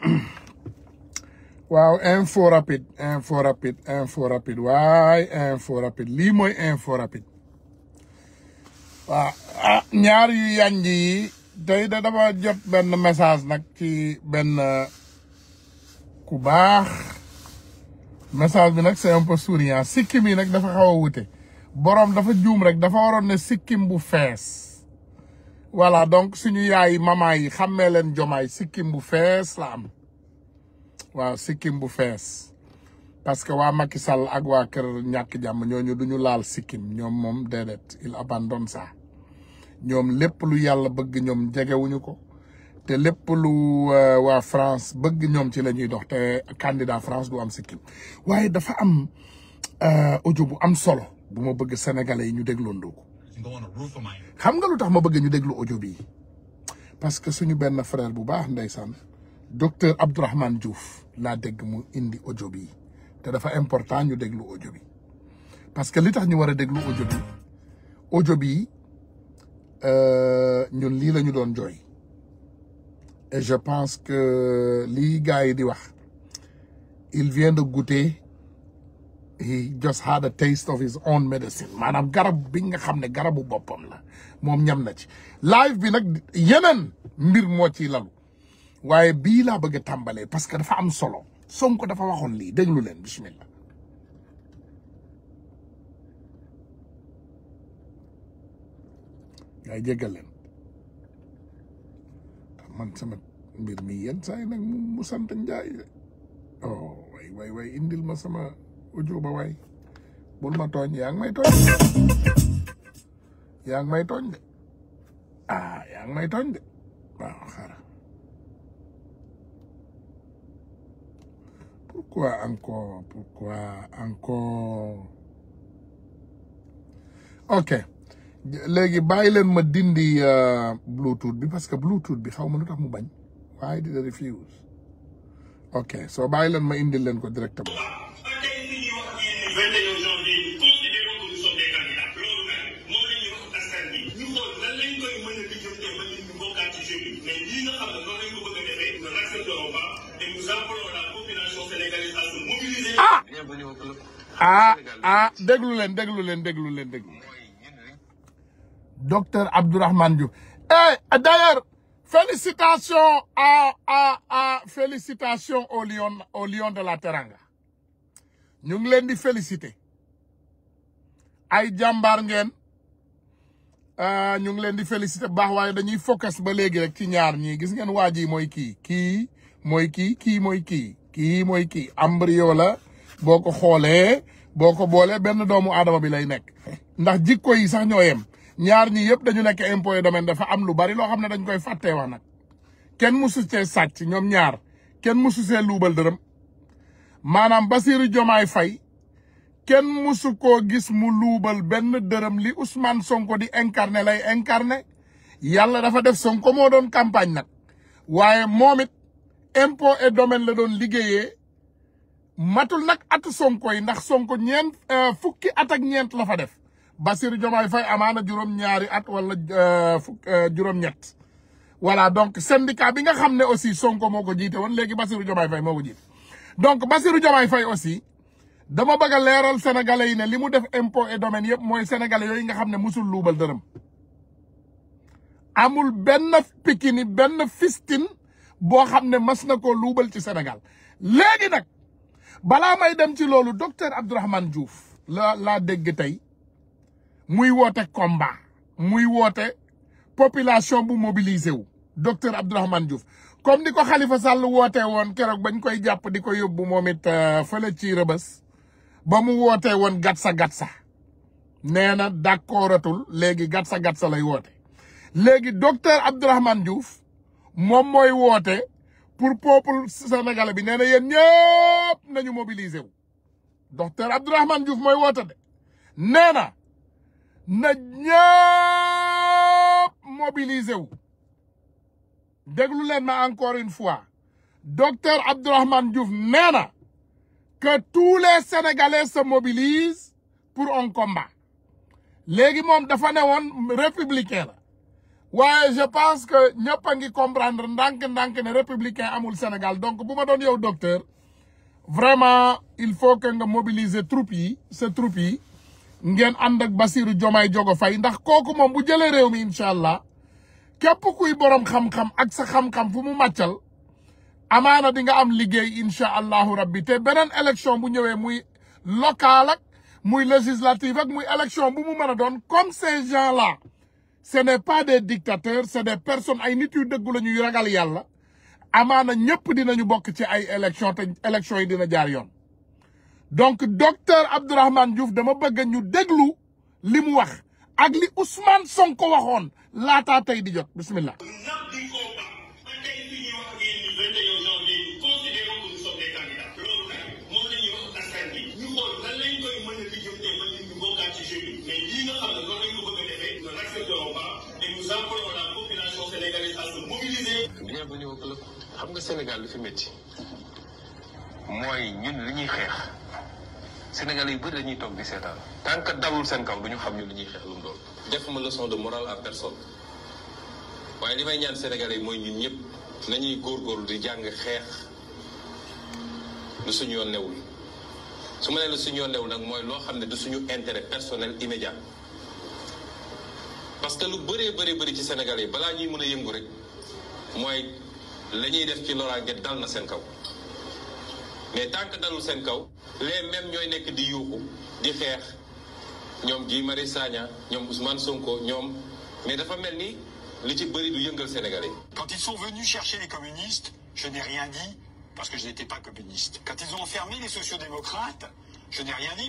waaw info rapide info rapide info rapide waay info rapide lii mooy info rapide waaw ah ñaar yu yànj yi tey da dama jot benn message nag ci benn uh, ku baax message bi nag c'est un peu souriant sikkim yi nag dafa xaw wute boroom dafa juum rek dafa waroon ne sikkim bu fees voilà donc suñu yaay maman yi xàmmee leen jomaay sikkim bu fees la am waa sikkim bu fees parce que waa Macky Sall ak waa kër ñàkk jàmm ñooñu duñu laal sikkim ñoom moom déedéet il abandonne ça ñoom lépp lu yàlla bëgg ñoom jegewuñu ko te lépp lu euh, waa France bëgg ñoom ci la ñuy dox te candidat France du am sikkim waaye dafa am euh, audio bu am solo bu ma bëgg sénégalais yi ñu dégloondoo xam nga lu tax ma bëgg ñu déglu audio bi parce que suñu benn frère bu baax ndeysaan docteur Abdourahmane Diouf laa dégg mu indi audio bi te dafa important ñu déglu audio parce que li tax ñu war a déglu audio bi bi euh, ñun lii la ñu doon joy et je pense que li gars yi di wax il vient de goûter he just had a taste of his own medicine maanaam garab bi nga xam ne garabu boppam la moom ñam na ci live bi nag mbir moo ciy lalu waaye bii laa bëgg a tàmbalee parce que dafa am solo Sonko dafa waxoon lii déglu leen bismillah yaay jéggal leen man sama mbir mi yenn saa yi nag mu sant Njaay oh way way way indil ma sama uju ba waay bul ma tooñ yaa ngi may tooñ de ah yaa ngi may tooñ de waaw xara pourquoi encore pourquoi encore ok léegi bàyyi leen ma dindi euh, bluetooth bi parce que bluetooth bi xaw ma lu tax mu bañ waaye dina refuse ok soo bàyyi leen ma indil leen ko directement du 21 ah ah ah déglu leen déglu leen déglu leen déglu docteur Abdourahmane Diouf eh, à à à félicitations au lion au lion de la Teranga. ñu ngi leen di félicité ay jàmbaar ngeen ah, ñu ngi leen di félicité baax waaye dañuy focus ba léegi rek ci ñaar ñii gis ngeen waa ji mooy kii kii mooy kii kii mooy kii kii mooy kii embryon la boo ko xoolee boo ko boolee benn doomu aadama bi lay nekk ndax jikko yi sax ñoo yem ñaar ñi yëpp dañu nekk impôt et domaine dafa am lu bari loo xam ne dañ koy fàttee wax nag kenn musu see sàcc ñoom ñaar kenn musu see luubal dërëm maanaam Bassirou Diomaye fay kenn musu koo gis mu luubal benn dërëm li Ousmane Sonko di incarné lay incarné yàlla dafa def Sonko moo doon campagne nag waaye moom it impôt et domaine la doon liggéeye matul nag atu Sonko yi ndax Sonko ñeent euh, fukki at ak ñeent la fa def Bassirou Diomaye amaan a juróom-ñaari at wala euh, fukk euh, juróom-ñett voilà donc syndicat bi nga xam ne aussi Sonko moo ko jiite woon léegi Bassirou Diomaye Faye moo ko jiite donc Bassirou Diomaye Faye aussi dama bëgg leeral sénégalais yi ne li mu def impôt et domaine yëpp mooy sénégalais yooyu nga xam ne musul luubal dërëm amul benn pikini benn fistin boo xam ne mës na ko luubal ci Sénégal léegi nag balaa may dem ci loolu docteur Abdourahmane Diouf la laa dégg tey muy woote combat muy woote population bu mobilisé wu docteur Abdourahmane Diouf comme ni ko xalifa Sall wootee woon keroog bañ koy jàpp di ko yóbbu moom it euh, fële ci rëbës ba mu woote woon gatsa gatsa nee na d'accordatul léegi gatsa gatsa lay woote léegi docteur Abdourahmane Diouf moom mooy woote pour peuple sénégalais bi nee na yéen ñëpp nañu mobiliser wu docteur Abdourahmane Diouf mooy woote de nee na na ñëpp wu déglu leen ma encore une fois docteur Abdourahmane Diouf nee na que tous les sénégalais se mobilisent pour un combat léegi moom dafa ne woon républicain la waaye je pense que ñëpp a ngi comprendre ndànk-ndànk ne républicain amul Sénégal donc bu ma doon yow docteur vraiment il faut que nga mobiliser troupes yi sa troupes yi ngeen ànd ak Bassirou Diomaye Diogo Faye ndax kooku moom bu jëlee réew mi incha allah képp kuy borom xam-xam ak sa xam-xam fu mu màccal amaana di nga am liggéey incha allahu rabbi te beneen élection bu ñëwee muy locale muy législative ak muy élection bu mu mën a doon comme ces gens là ce n'est pas des dictateurs c'est des personnes ay nit yu dëggu ñuy ragal yàlla amaana ñëpp dinañu bokk ci ay élection te élection yi dina jaar yoon donc docteur Abdourahmane Diouf dama bëgg ñu déglu li mu wax ak li Ousmane Sonko waxoon laataa tey di jot bismillah bienvenue au club xam nga Sénégal lu fi métti mooy ñun li ñuy xeex sénégal yu bëri dañuy toog di seetaan tant que dalul seen kaw du ñu xam ñu lu ñuy xeex lu mu doon. defuma leçon de morale à personne waaye li may ñaan sénégal yi mooy ñun ñëpp nañuy góor góorgóorlu di jàng xeex lu suñu yoon newul su ma nee lu suñu yoon newul nag mooy loo xam ne du suñu intérêt personnel immédiat parce que lu bëree bëri bëri ci Sénégalais yi balaa ñuy mën a yëngu rek mooy la ñuy def ci loraange dal na seen kaw. mais tant que dalul seen kaw les mêmes ñooy nekk di yuuxu di xeex ñoom di Marius Sagna ñoom Ousmane Sonko ñoom mais dafa mel ni li ci bëri du yëngal Sénégalais. quand ils sont venus chercher les communistes je n'ai rien dit parce que je n'étais pas communiste. quand ils ont enfermé les sociodémocrates je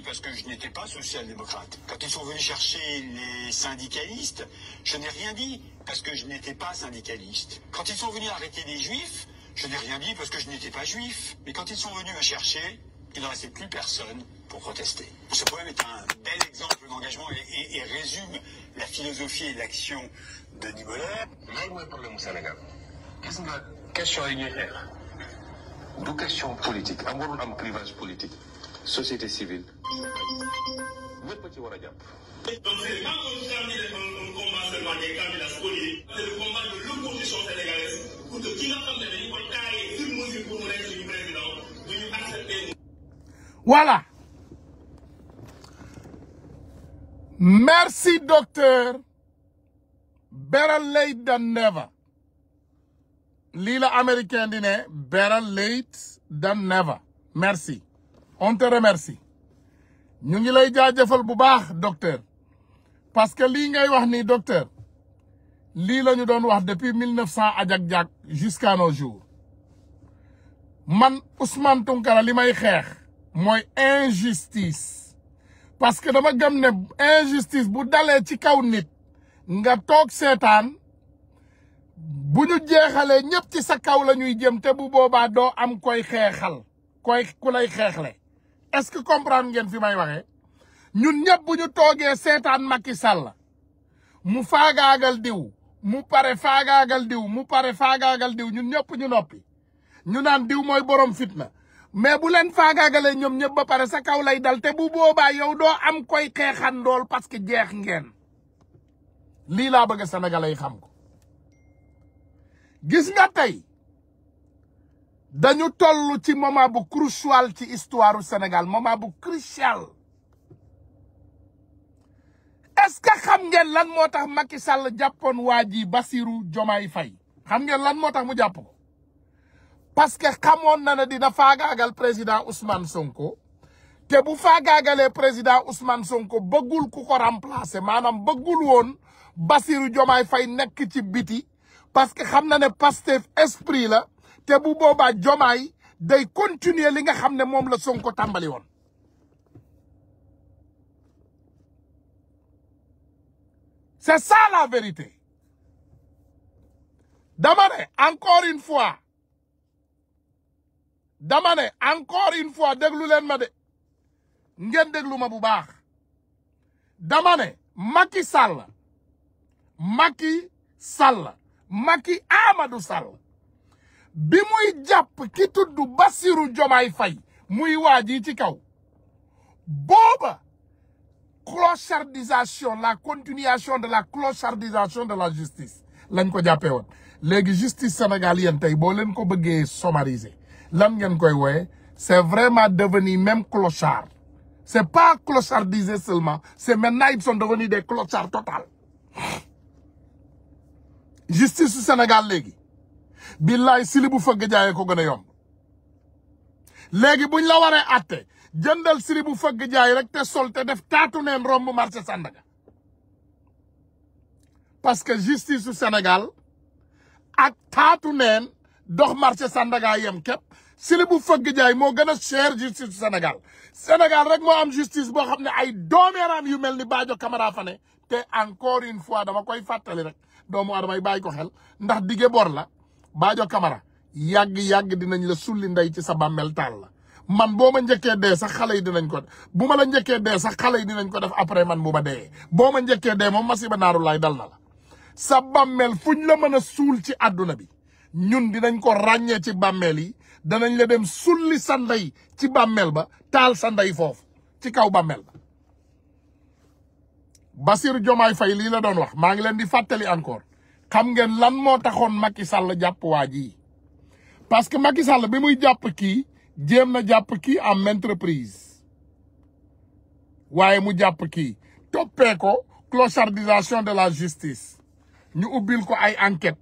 parce que je n'étais pas social-démocrate. Quand ils sont venus chercher les syndicalistes, je n'ai rien dit parce que je n'étais pas syndicaliste. Quand ils sont venus arrêter les juifs, Je n'ai rien dit parce que je n'étais pas juif. Mais quand ils sont venus me chercher, il ne restait plus personne pour protester. Ce poème est un bel exemple d'engagement et, résume la philosophie et l'action de Niboller. du question politique am warul am clivage politique société civile ñëpp ci war a jàpp. donc c'est pas comme si on termine un combat seulement des candidats spoliés, c'est le combat de l'opposition pour que ki nga xam ne voilà. merci docteur beral never lii la américain di ne better late than never merci on te remercie ñu ngi lay jaajëfal bu baax docteur parce que lii ngay wax nii docteur lii la ñu doon wax depuis mille neuf cent ajak-jak jusqu'à nos jours man Ousmane li may xeex mooy injustice parce que dama gëm ne injustice bu dalee ci kaw nit nga toog seetaan bu ñu jeexalee ñëpp ci sa kaw la ñuy jëm te bu boobaa doo am koy xeexal koy ku lay xeexle est-ce que comprendre ngeen fi may waxee ñun ñëpp bu ñu toogee seetaan Macky Sall mu faagaagal diw mu pare faagaagal diw mu pare faagaagal diw ñun ñëpp ñu noppi ñu naan diw mooy borom fitna mais bu leen faagaagalee ñoom ñëpp ba pare sa kaw lay dal te bu boobaa yow doo am koy xeexandool parce que jeex ngeen lii laa bëgg Sénégal ay xam ko gis nga tey dañu toll ci moment bu crucial ci histoire du Sénégal moment bu crucial parce que xam ngeen lan moo tax Macky Sall jàppoon waa ji Basirou Diomaye Faye xam ngeen lan moo tax mu jàpp parce que xamoon na ne dina faagaagal président Ousmane Sonko te bu faagaagalee président Ousmane Sonko bëggul ku ko remplacer maanaam bëggul woon Basirou Diomaye fay nekk ci biti parce que xam na ne Pastef esprit la te bu boobaa Diomaye day continuer li nga xam ne moom la Sonko tàmbali woon c'est ça la vérité dama ne encore une fois dama ne encore une fois déglu ma de ngeen déglu ma bu baax dama ne Macky Sall Macky Sall Macky Amadou bi muy jàpp ki tudd Bassirou Diomaye Faye muy waa ji ci kaw booba clochardisation la continuation de la clochardisation de la justice lañ ko jàppee woon léegi justice Sénégal yéen tey boo leen ko bëggee sommariser lan ngeen koy wooye c'est vraiment devenu même clochard c'est pas clochardisé seulement c'est maintenant ils sont devenus des clochards total justice su Sénégal léegi billaay sili bu fëgg jaayee ko gën a yomb léegi buñ la waree atte jëndal siri bu fëgg jaay rek te sol te def taatu neen romb marché Sandaga parce que justice su Sénégal ak taatu neen dox marché Sandaga yem képp siri bu fëgg jaay moo gën a cher justice su Sénégal Sénégal rek moo am justice boo xam ne ay doomeeraam yu mel ni Badio Camara fa te encore une fois dama koy fàttali rek doomu adama yi bàyyi ko xel ndax dige bor la Badio Camara yàgg-yàgg dinañ la suli ndey ci sa bàmmeel taal la man boo ma njëkkee dee sax xale yi dinañ ko bu ma la njëkkee dee sax xale yi dinañ ko def après man bu ma dee boo ma njëkkee dee moom masiba naaru laay dal na la sa bàmmeel fuñ la mën a suul ci àdduna bi ñun dinañ ko ràññee ci bàmmeel yi danañ la dem sulli sa ndey ci bàmmeel ba taal sa ndey foofu ci kaw bàmmeel ba Bassirou Diomaye Faye lii la doon wax maa ngi leen di fàttali encore xam ngeen lan moo taxoon Macky Sall jàpp waa ji parce que Macky Sall bi muy jàpp kii jéem na jàpp kii am entreprise waaye mu jàpp kii toppee ko clochardisation de la justice ñu ubbil ko ay enquête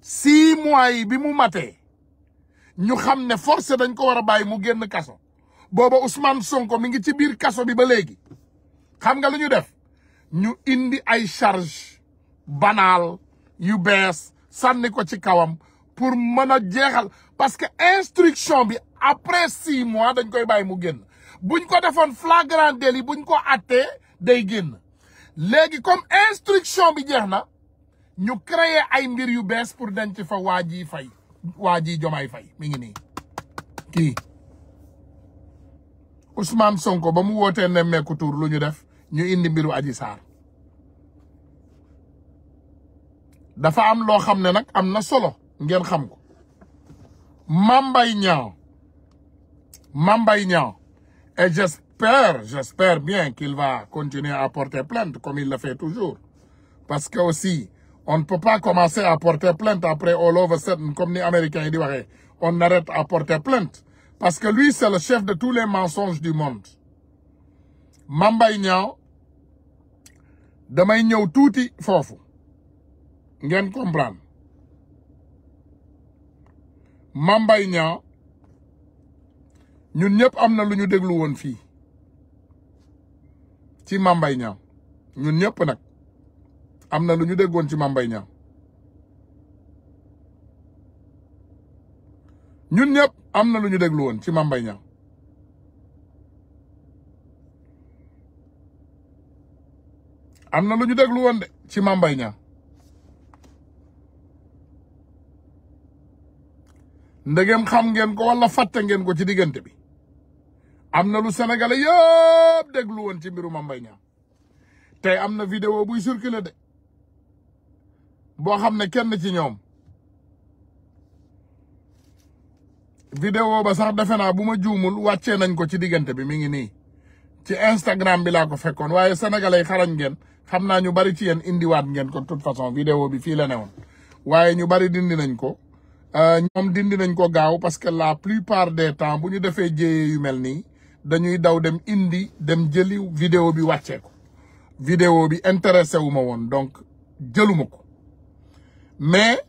six mois yi bi mu matee ñu xam ne forcé dañ ko war a bàyyi mu génn kaso booba Ousmane Sonko mi ngi ci biir kaso bi ba léegi xam nga lu ñu def ñu indi ay charge banaal yu bees sànni ko ci kawam pour mën a jeexal parce que instruction bi après six mois dañ koy bàyyi mu génn buñ ko defoon flagrant délit buñ ko attee day génn léegi comme instruction bi jeex na ñu créer ay mbir yu bees pour denc fa waa ji fay waa ji jomaay fay mi ngi nii kii Ousmane Sonko ba mu wootee ne meeku tur lu ñu def ñu indi mbiru Adji Sarr dafa am loo xam ne nag am na solo ngeen xam ko Mambay Niang Mambay Niang et j'espère j'espère bien qu'il va continuer à porter plainte comme il le fait toujours parce que aussi on ne peut pas commencer à porter plainte après all of a sudden comme ni américain yi di waxee on arrête à porter plainte parce que lui c'est le chef de tous les mensonges du monde Mambay Niang damay ñëw tuuti foofu ngeen comprendre Mame Mbaye ñun ñëpp am na lu ñu dégluwoon fii ci Mame Mbaye ñun ñëpp nag am na lu ñu déggoon ci Mame Mbaye ñun ñëpp am na lu ñu dégluwoon ci Mame Mbaye am na lu ñu déglu woon de ci Mame Mbaye ndegem xam ngeen ko wala fàtte ngeen ko ci diggante bi am na lu sénégalais yëpp déglu woon ci mbiru Mame Mbaye tey am na vidéo buy circulé de boo xam ne kenn ci ñoom vidéo ba sax defe naa bu ma juumul wàccee nañ ko ci diggante bi mi ngi nii ci Instagram bi laa ko fekkoon waaye sénégalais xarañ ngeen xam naa ñu bari ci yéen indiwaat ngeen ko de toute façon vidéo bi fii la newoon waaye ñu bari dindi nañ ko Euh, ñoom dindi nañ ko gaaw parce que la plupart des temps bu ñu defee jéyee yu mel nii dañuy daw dem indi dem jëli vidéo bi wàccee ko vidéo bi intéressé wu ma woon donc jëluma ko mais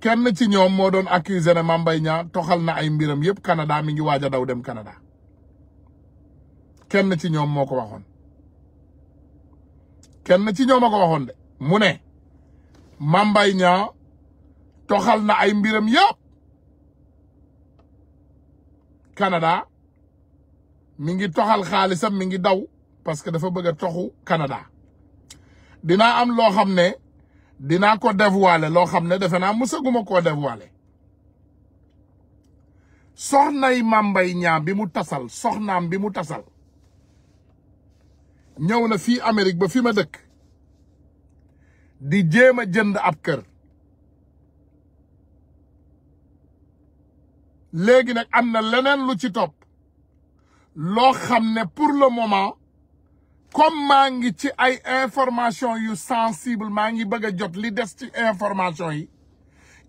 kenn ci ñoom moo doon accusé ne Mame Mbaye Niang toxal na ay mbiram yëpp Canada mi ngi waaj a daw dem Canada kenn ci ñoom moo ko waxoon kenn ci ñoom moo ko waxoon de mu ne Mame toxal na ay mbiram yëpp Canada mi ngi toxal xaalisam mi ngi daw parce que dafa bëgg a toxu Canada dinaa am loo xam ne dinaa ko dévoiler loo xam ne defe naa mësaguma koo dévoiler soxnay mambay ñaam bi mu tasal soxnaam bi mu tasal ñëw na fii Amérique ba fi ma dëkk di jéem a jënd ab kër léegi nag am na leneen lu ci topp loo xam ne pour le moment comme maa ngi ci ay information yu sensible maa ngi bëgg a jot li des ci information yi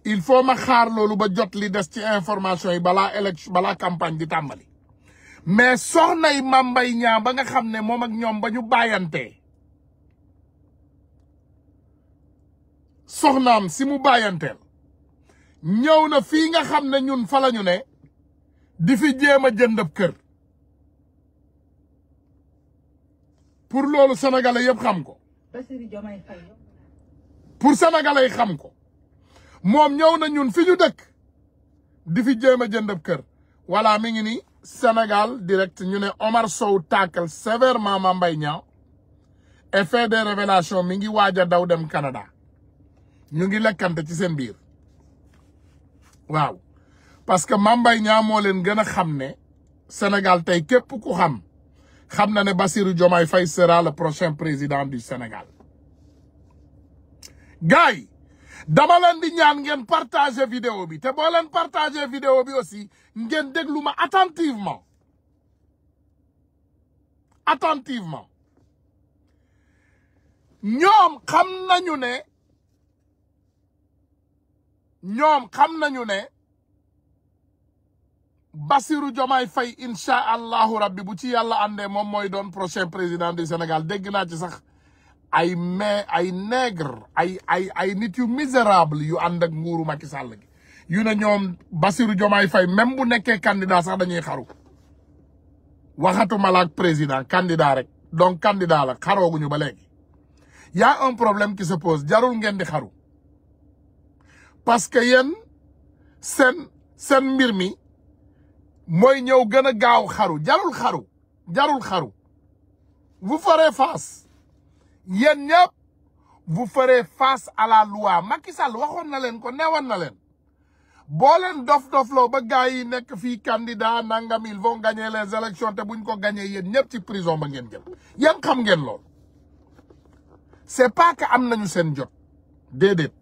il faut ma xaar loolu ba jot li des ci information yi balaa élection bala campagne di tàmbali mais soxnay Mame Mbaye Niang ba nga xam ne moom ak ñoom ba ñu bàyyantee soxnaam si mu bàyyanteel ñëw na fii nga xam ne ñun fala ñu ne di fi jéem a jëndab kër pour loolu sénégalais yëpp xam ko pour sénégalais yi xam ko moom ñëw na ñun fi ñu dëkk di fi jéem a jëndab kër voilà mi ngi ni Sénégal direct ñu ne Omar Sow taakal sévèrement ma Mbaye Niang effet de révélations mi ngi waaj a daw dem Canada ñu ngi lekkante ci seen biir waaw parce que Mame Mbaye Niang moo leen gën a xam ne Sénégal tey képp ku xam xam na ne Bassirou Diomaye Faye sera le prochain président du senegal gars yi dama leen di ñaan ngeen partager vidéo bi te boo leen partager vidéo bi aussi ngeen déglu ma attentivement attentivement ñoom xam nañu ne ñoom xam nañu ne Bassirou Diomaye Faye incha allahu rabbi bu ci yàlla àndee moom mooy don prochain président du Sénégal dégg naa ci sax ay mais ay nègre ay ay ay nit yu misérable yu ànd ak nguuru Macky Sall gi yu ne ñoom Bassirou Diomaye fay même bu nekkee candidat sax dañuy xaru waxatuma la ak président candidat rek donc candidat la xarooguñu ba léegi y a un problème qui se pose jarul ngeen di xaru parce que yéen seen seen mbir mi mooy ñëw gën a gaaw xaru jarul xaru jarul xaru vous ferez face yéen ñëpp vous ferez face à la loi Macky Sall waxoon na leen ko newoon na leen boo leen dof-dofloo ba gars yi nekk fii candidat nangam ils vont gagner les élections te buñ ko gañee yéen ñëpp ci prison ba ngeen jëm yéen xam ngeen lool c'est pas que am nañu seen jot déedéet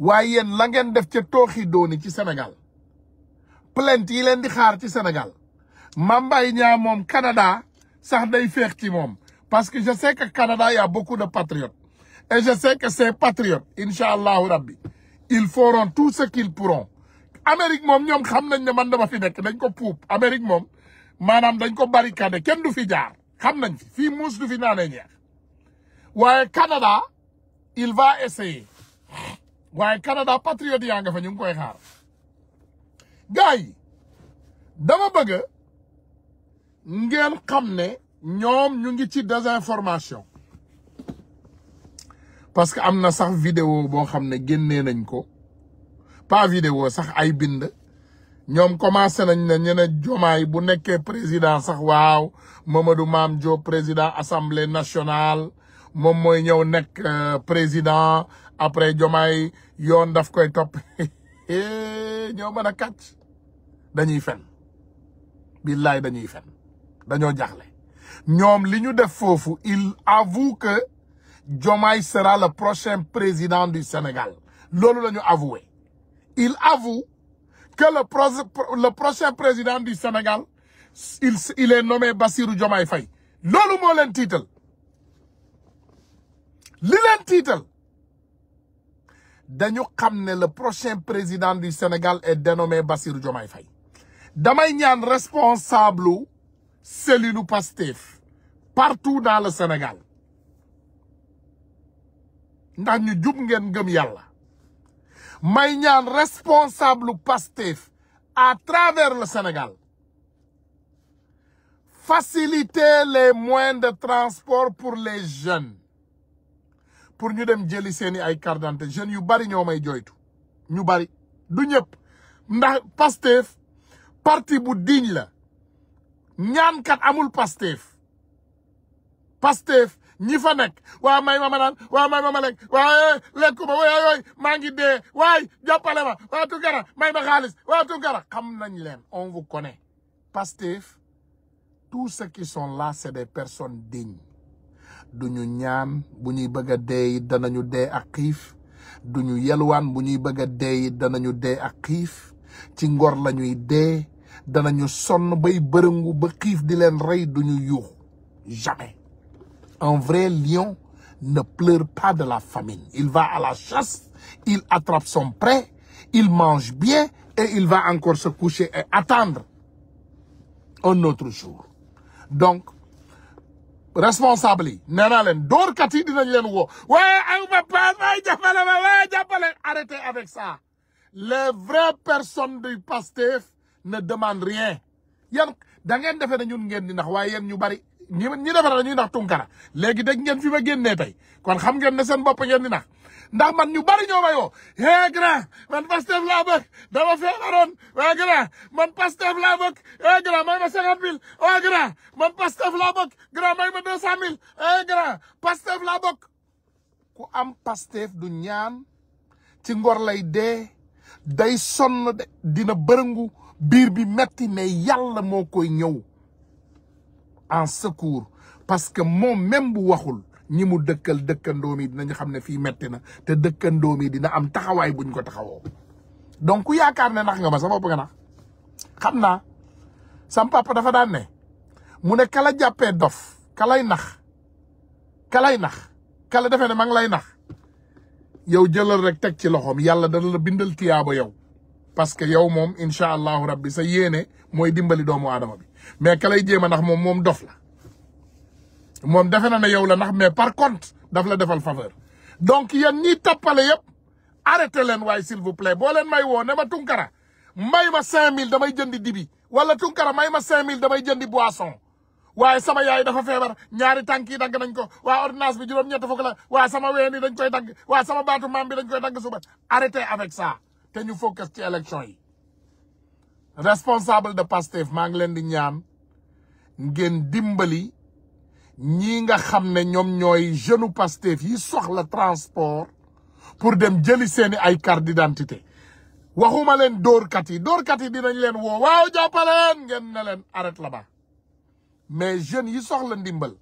waaye yéen la ngeen def ca tooxi dooni ci Sénégal plainte yi leen di xaar ci Sénégal Mame Mbaye ñaa moom Canada sax day féex ci moom parce que je sais que Canada y bokku na de patriotes et je sais que ces patriotes incha allahu rabbi ils feront tout ce qu'ils pourront Amérique moom ñoom xam nañ ne man dama fi nekk dañ ko puub Amérique moom maanaam dañ ko barricade kenn du fi jaar xam nañ fi fii muus du fi naanee ñeex waaye Canada il va essayer waaye Canada patriote yaa nga fa ñu ngi koy xaar gars dama bëgg ngeen xam ne ñoom ñu ngi ci désinformation parce que am na sax vidéo boo xam ne génnee nañ ko pas vidéo sax ay bind ñoom commencé nañ ne ñu jomaay bu nekkee président sax waaw Mamadou maam Diop président assemblée nationale moom mooy ñëw nekk euh, président après jomaay yoon daf koy topp eh, ñoo mën a kàcc dañuy fen billaay dañuy fen dañoo jaxle ñoom li ñu def foofu il avoue que jomaay sera le prochain président du Sénégal loolu lañu ñu il avoue que le prochain président du Sénégal il il est nommé Bassirou Diomaye fay loolu moo leen tiital li leen tiital dañu xam ne la prochain président du Sénégal est dénommé Bassirou Diomaye fay damay ñaan responsable u cellule Pastef partout dans le Sénégal ndax ñu jub ngeen gëm yàlla may ñaan responsable Pastef à travers le Sénégal faciliter les moyens de transport pour les jeunes pour ñu dem jëli seen i ay carte d'identité jeunes yu bari ñoo may joytu ñu bari du ñëpp ndax Pastef parti bu digne la ñaankat amul Pastef Pastef ñi fa nekk waa may ma ma waa may ma ma lekk waa eh, lekku ma waay waay maa ngi dee waay jàppale ma waa Tounkara may ma xaalis waa Tounkara xam nañ leen on vous connaît Pastef tous ceux qui sont la c'est des personnes dignes duñu ñaan bu ñuy bëgg a dee it danañu dee ak xiif duñu yelwaan bu ñuy bëgg a dee it danañu dee ak xiif ci ngor lañuy dee danañu sonn bay bërëngu ba xiif di leen rey duñu yuuxu jamais un vrai lion ne pleure pas de la famine il va à la chasse il attrape son prêt il mange bien et il va encore se coucher et attendre un autre jour donc responsable yi nee naa leen dóorkat yi dinañ leen woo waaye aw ma paas waaye jàppale ma waaye jàppale arrêtez avec ça les vraies personnes du Pastef ne demandent rien yan da ngeen defee ne ñun ngeen di nax waaye yéen ñu bari ñi ñi defara ñuy nax tunkara léegi dégg ngeen fi ma génnee tey kon xam ngeen ne seen bopp ngeen di nax ndax man ñu bari ñoo ma yoo hee grand man Pastef laa bëgg dama feebaroon waa grand man Pastef laa bëgg hee grand may ma cinquante mille waa oh, grand man Pastef laa bëgg grand may ma deux cent hee grand Pastef laa bëgg ku am Pastef du ñaan ci ngor lay dee day sonn de dina bërëngu biir bi metti mais yàlla moo koy ñëw en secours parce que moom bu waxul ñi mu dëkkal dëkkandoom yi dinañ xam ne fii metti na te dëkkandoom yi dina am taxawaay buñ ko taxawoo donc ku yaakaar ne nax nga ma sa bopp nax xam naa sam papa dafa daan ne mu ne kala jàppee dof kalay nax kalay nax kala defee ne ma lay nax yow jëlal rek tek ci loxoom yàlla dana la bindal tiyaaba yow parce que yow moom incha allahu rabbi sa yéene mooy dimbali doomu aadama bi mais kalay jéem a nax moom moom dof la moom defe na ne yow la ndax mais par contre daf la defal faveur donc yéen ñiy tappale yëpp arrêté leen waaye s'il vous plaît boo leen may woo ne ma Tunkara may ma cin mille damay jëndi dibi wala Tunkara may ma 5000 damay jëndi boisson waaye sama yaay dafa feebar ñaari tànk yi dagg nañ ko waa ordonnance bi juróom-ñett fukk la waa sama ween yi dañ koy dagg waa sama baatu maam bi dañ koy dagg suba arrêté avec ça te ñu focus ci élection yi responsable de Pastef maa ngi leen di ñaan ngeen dimbali ñii nga xam ne ñoom ñooy jeune Pastef yi soxla transport pour dem jëli seeni ay carte d'identité waxuma leen dóorkat yi dóorkat yi dinañ leen woo waaw jàppaleen ngeen ne leen arrête là-bas mais jeunes yi soxla ndimbal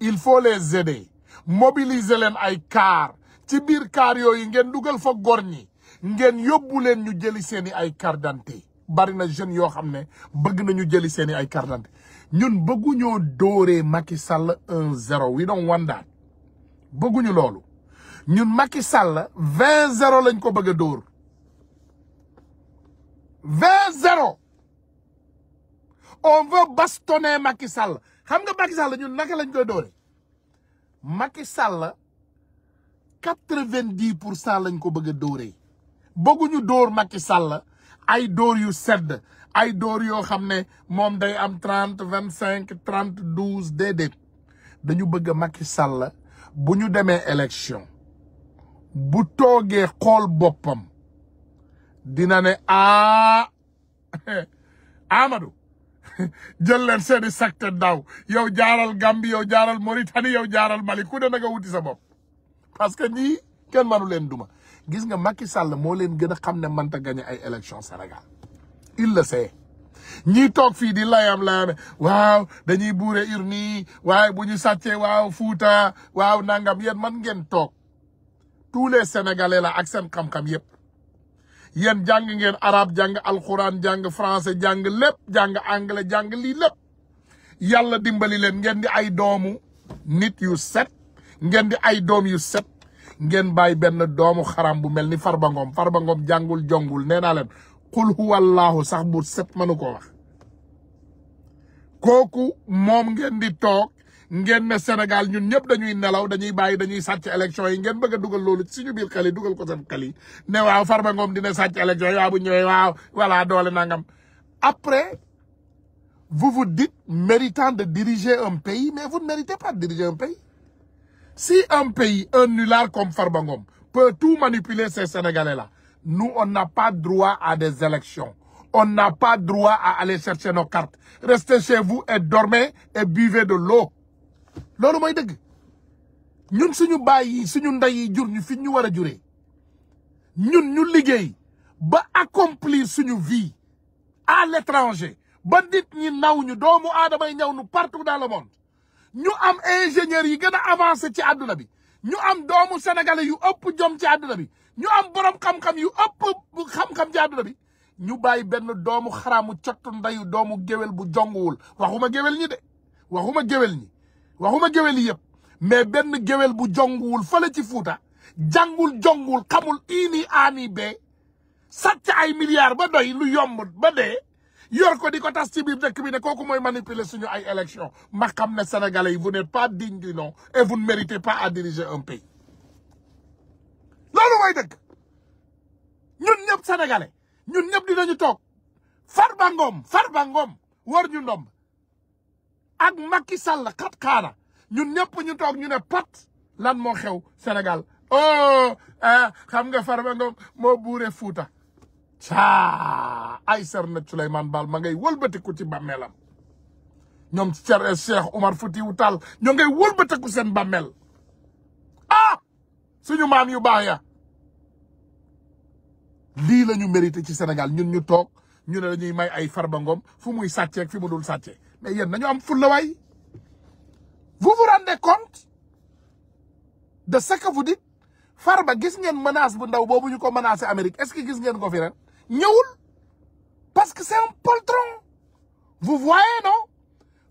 il faut les aider mobiliser leen ay car ci biir car yooyu ngeen dugal fo góor ñi ngeen yóbbu leen ñu jëli seeni ay carte bari na jeunes yoo xam ne bëgg nañu jëli seeni ay carte ñun bëgguñoo dóoree makki Sall un zéro we don't want bëgguñu loolu ñun Macky Sall vingt zéro lañ ko bëgg a dóor vingt zéro on veut bastonner Macky Sall xam nga Macky Sall ñun naka lañ koy dóore Macky Sall quatre-vingt-dix pour cent lañ ko bëgg a bëgguñu dóor Macky Sall ay dóor yu sedd ay door yoo xam ne moom day am trente vingt cinq trente douze déedéet dañu bëgg a Macky Sall bu ñu demee élection bu toogee xool boppam dina ne a ah, Amadou jël leen seeni sakte daaw yow jaaral Gambie yow jaaral Mauritanie yow jaaral Mali ku ne na nga wuti sa bopp parce que ñii kenn manu leen duma gis nga makki Sall moo leen gën a xam ne mënta gagné ay élection Sénégal il le sait toog fii di layam layame waaw dañuy buure urne yi waaye bu ñu sàccee waaw fuuta waaw nangam yéen man ngeen toog tous les sénégalais la ak seen xam-xam yépp yéen jàng ngeen arab jàng alxuraan jàng français jàng lépp jàng anglais jàng lii lépp yàlla dimbali leen ngeen di ay doomu nit yu set ngeen di ay doom yu set ngeen bàyyi benn doomu xaram bu mel ni Farba Ngom Farba Ngom jàngul jongul nee leen qul huwa allahu sax bu set mënu ko wax kooku moom ngeen di toog ngeen ne Sénégal ñun ñëpp dañuy nelaw dañuy bàyyi dañuy sàcc élection yi ngeen bëgg dugal loolu ci suñu biir xel dugal ko seen xel ne waaw ba ngoom dina sàcc élection yi waaw bu ñëwee waaw voilà doole nangam après vous vous dites méritant de diriger un pays mais vous ne pas de diriger pays si un pays un nulard comme Farba Ngom peut tout manipuler ces Sénégalais nous, on n'a pas droit à des élections. On n'a pas droit à aller chercher nos cartes. Restez chez vous et dormez et buvez de loo loolu mooy dëgg ñun suñu baay yi suñu ndey yi jur ñu fi ñu war a jure ñun ñu liggéey ba accomplir suñu vi à l'étranger ba nit ñi naw ñu doomu aadama yi ñëw ñu partu dans le monde ñu am ingénieurs yi gën a avancé ci àdduna bi ñu am doomu sénégalais yu ëpp jom ci àdduna bi ñu am borom xam-xam yu ëpp xam-xam ci àdduna bi ñu bàyyi benn doomu xaraamu cott ndayu doomu géwél bu jonguwul waxuma géwél ñi de waxuma géwél ñi waxuma géwél yi yëpp mais benn géwél bu jonguwul fële ci Fuuta jàngul jonguwul xamul iini aani bee sàcc ay milliards ba doy lu yomb ba dee yor ko di ko tas ci biir dëkk bi ne kooku mooy manipuler suñu ay élection ma xam ne sénégalais yi vous n'êtes pas digne du nom et vous ne méritez pas à diriger un pays loolu mooy dëgg ñun ñëpp sénégalais ñun ñëpp dinañu toog Farba Ngom Farba Ngom war ñu ak Macky Sall xat kaana ñun ñëpp ñu toog ñu ne pat lan moo xew senegal oh ah xam nga Farba Ngom moo buure Fuuta caa ay Serna Souleymane Baal ma ngay wëlbatiku ci bàmmeelam ñoom Cheikh Cheikh Omar Foutiyou Tall ñoo ngay wëlbatiku seen bàmmeel suñu maam yu baax ya lii la ñu mérité ci Sénégal ñun ñu toog ñu ne dañuy may ay Farba Ngom fu muy sàcceeg fi mu dul sàcce mais yéen nañu am fullawaay vous vous rendez compte de ce que vous Farba gis ngeen menace bu ndaw boobu ñu ko menacé Amérique est-ce que gis ngeen ko fi ren ñëwul parce que c'est un poltron vous voyez non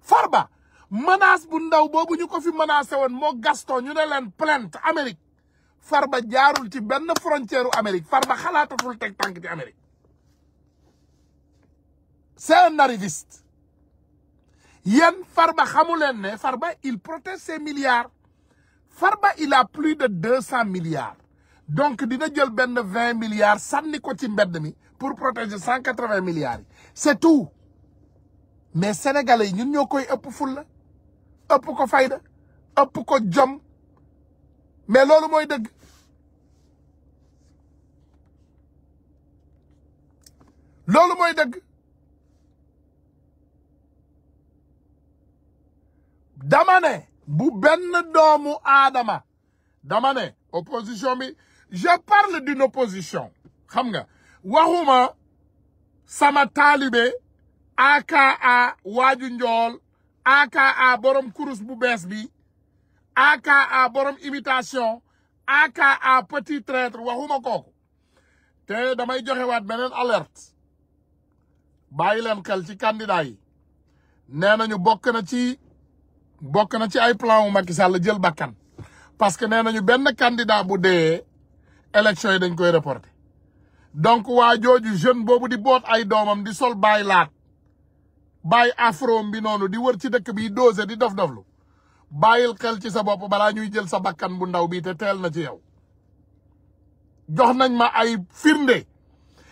Farba menace bu ndaw boobu ñu ko fi menacé woon moo Gaston ñu ne leen plainte Amérique Farba jaarul ci benn frontière Amérique Farba xalaatatul teg tànk ci Amérique c'est un arriviste yéen Farba xamu leen ne Farba il protège ses milliards Farba il a plus de deux cent milliards donc dina jël benn vingt milliards sànni ko ci mbedd mi pour protéger cent quatre vingt milliards yi mais sénégalais yi ñun ñoo koy ëpp fulla ëpp ko fayda ëpp ko jom mais loolu mooy dëgg loolu mooy dëgg dama ne bu benn doomu aadama dama ne opposition bi je parle d'une opposition xam nga waxuma sama taalibe aka waaju njool aka borom kurus bu bees bi aka borom imitation aka petit traître waxuma kooku te damay joxewaat beneen alerte bàyyi leen xel ci candidat yi nee nañu bokk na ci bokk na ci ay plan wu Macky Sall jël bakkan parce que nee nañu benn candidat bu dee élection yi dañ koy reporté donc waa jooju jeune boobu di boot ay doomam di sol bàyyi laat bàyyi afro bi noonu di wër ci dëkk bi dose di dof doflu bàyyil xel ci sa bopp balaa ñuy jël sa bakkan bu ndaw bii te teel na ci yow jox nañ ma ay firnde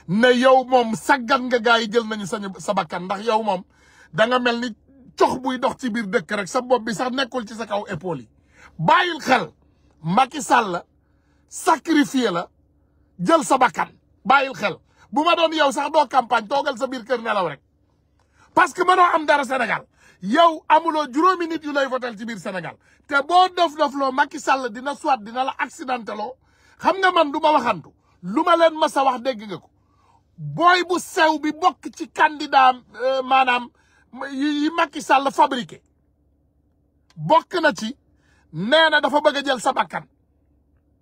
ne yow moom saggan nga gars yi jël nañu sa sa bakkan ndax yow moom da nga mel ni cox buy dox ci biir dëkk rek sa bopp bi sax nekkul ci sa kaw épaule yi bàyyil xel Macky Sall sacrifié la jël sa bakkan bàyyil xel bu ma doon yow sax doo campagne toogal sa biir kër nelaw rek parce que mënoo am dara Sénégal yow amuloo juróomi nit yu lay votel ci biir Sénégal te boo dof dofloo Macky Sall dina soit dina la accidenteloo xam nga man du ma waxantu lu ma leen mas wax dégg nga ko booy bu sew bi bokk ci candidat euh, maanaam yi Macky Sall fabriqué bokk na ci nee na dafa bëgg a jël sa bakkan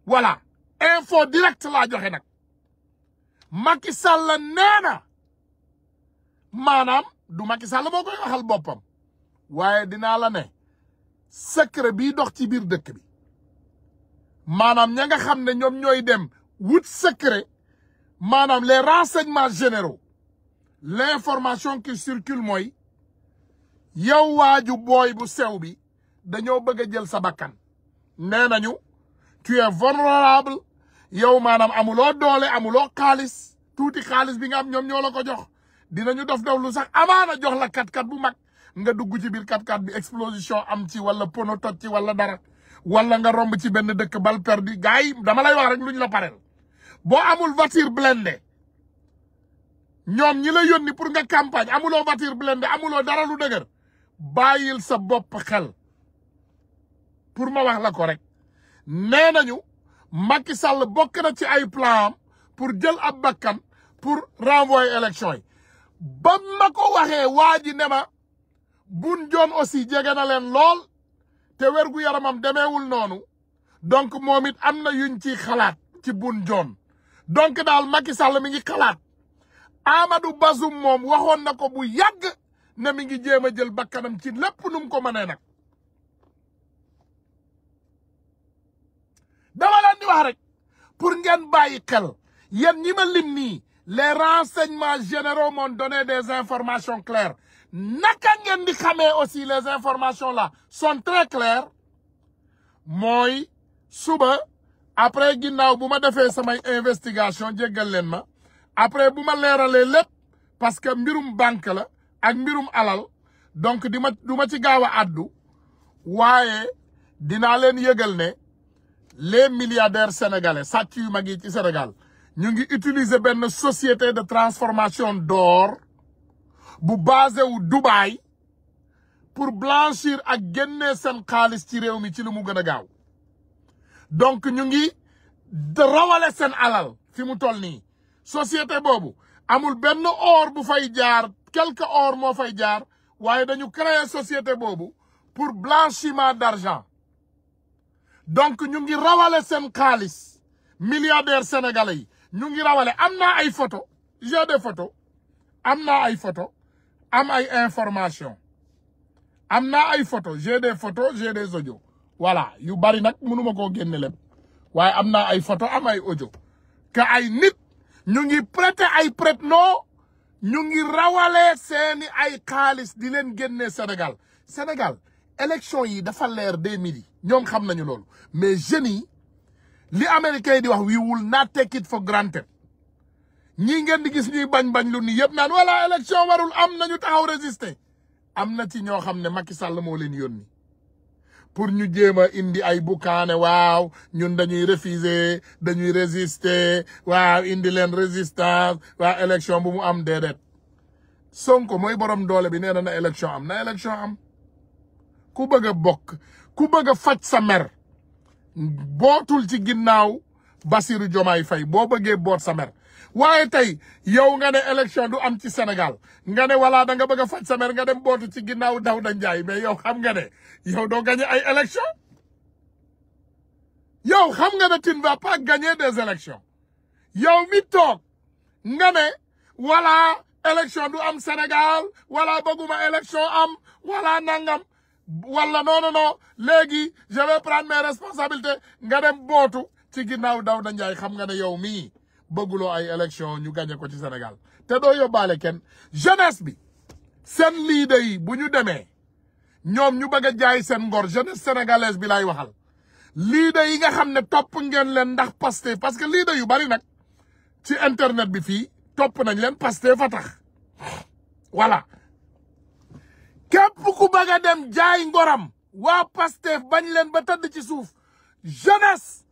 voilà info direct laa joxe nag Macky Sall nee na maanaam du Macky Sall moo koy boppam waaye dinaa la ne secret bii dox ci biir dëkk bi maanaam ña nga xam ne ñoom ñooy dem wut secret maanaam les renseignements généraux l'information qui circule mooy yow waaju booy bu sew bi dañoo bëgg a jël sa bakkan nee nañu tu es vulnérable yow maanaam amuloo doole amuloo xaalis tuuti xaalis bi nga am ñoom ñoo la ko jox dinañu dof dof lu sax amaana jox la kat kat bu mag nga dugg ci biir 4 x bi explosion am ci wala pono toj ci wala dara wala nga romb ci benn dëkk bal perdu gars yi dama lay wax rek ñu la pareel boo amul voiture blindée ñoom ñi la yónni pour nga campagne amuloo voiture blindée amuloo dara lu dëgër bàyyil sa bopp xel pour ma wax la ko rek nee nañu Macky Sall bokk na ci ay plan am pour jël ab bakkan pour renvoyer élection yi ba ma waa ji ne ma Boun Dionne aussi jege na leen lool te wergu yaramam demeewul noonu donc moom it am na yuñ ci xalaat ci Boun Dionne donc daal Macky Sall mi ngi xalaat Amadou Bazoum moom waxoon na ko bu yàgg ne mi ngi jéem a jël bakkanam ci lépp nu mu ko mënee nag dama leen di wax rek pour ngeen bàyyi xel yéen ñi ma lim les renseignements généraux m'ont donné des informations claires naka ngeen di xamee aussi les information la sont très claire mooy suba après ginnaaw bu ma defee samay investigation jéggal leen ma après bu ma leeralee lépp parce que mbirum banque la ak mbirum alal donc di ma du ma ci gaaw a addu waaye dinaa leen yëgal ne les milliardaires sénégalais sàcc yu mag yi ci Sénégal ñu ngi utiliser benn société de transformation d'or bu basé wu Dubaï pour blanchir ak génnee seen xaalis ci réew mi ci lu mu gën a gaaw donc ñu ngi rawale seen alal fi mu toll nii société boobu amul benn or bu fay jaar quelque or moo fay jaar waaye dañu créer société boobu pour blanchiment d'argent donc ñu ngi rawale seen xaalis milliardaire sénégalais yi ñu ngi rawale am naa ay photo j'ai des photos am na ay photo am ay information am na ay photo j'ai photo photos j'ai des voilà yu bari nag mënuma ko génne lépp waaye am naa ay photo am ay ojo que ay nit ñu ngi prete ay prête non ñu ngi rawalee seeni ay xaalis di leen génne senegal Sénégal élection yi dafa leer dès midi ñoom xam nañu loolu mais jeunes yi li américain yi di wax we will not take it for granted ñii ngeen gis ñuy bañ-bañ lu ni yëpp naan wala élection warul am nañu taxaw résister am na ci ñoo xam ne Macky Sall moo leen ni pour ñu jéem a indi ay bukaane waaw ñun dañuy refuser dañuy résister waaw indi leen résistance waaw élection bu mu am déedéet Sonko mooy borom doole bi nee na na élection am na élection am ku bëgg a ku bëgg faj sa bootul ci ginnaaw Bassirou Diomaye Faye boo bëggee boot sa waaye tey yow nga ne élection du am ci senegal nga ne wala da nga bëgg a faj sa mer nga dem bootu ci ginnaaw Daouda Ndiaye mais yow xam nga ne yow doo gagné ay élection yow xam nga ne tu ne vas pas gagner des élections yow mi toog ngane ne wala élection du am Sénégal wala bëgguma élection am wala nangam wala non non non léegi je vais prendre mes nga dem bootu ci ginnaaw Daouda Ndiaye xam nga ne yow mii bëgguloo ay élection ñu gagné ko ci Sénégal te doo yóbbaale kenn jeunesse bi seen leader yi bu ñu demee ñoom ñu bëgg a jaay seen ngor jeunesse sénégalaise bi laay waxal leader yi nga xam ne topp ngeen leen ndax Pastef parce que leader yu bari nag ci internet bi fii topp nañ leen Pastef fa tax voilà képp ku bëgg dem jaay ngoram waa Pastef bañ leen ba tëdd ci suuf jeunesse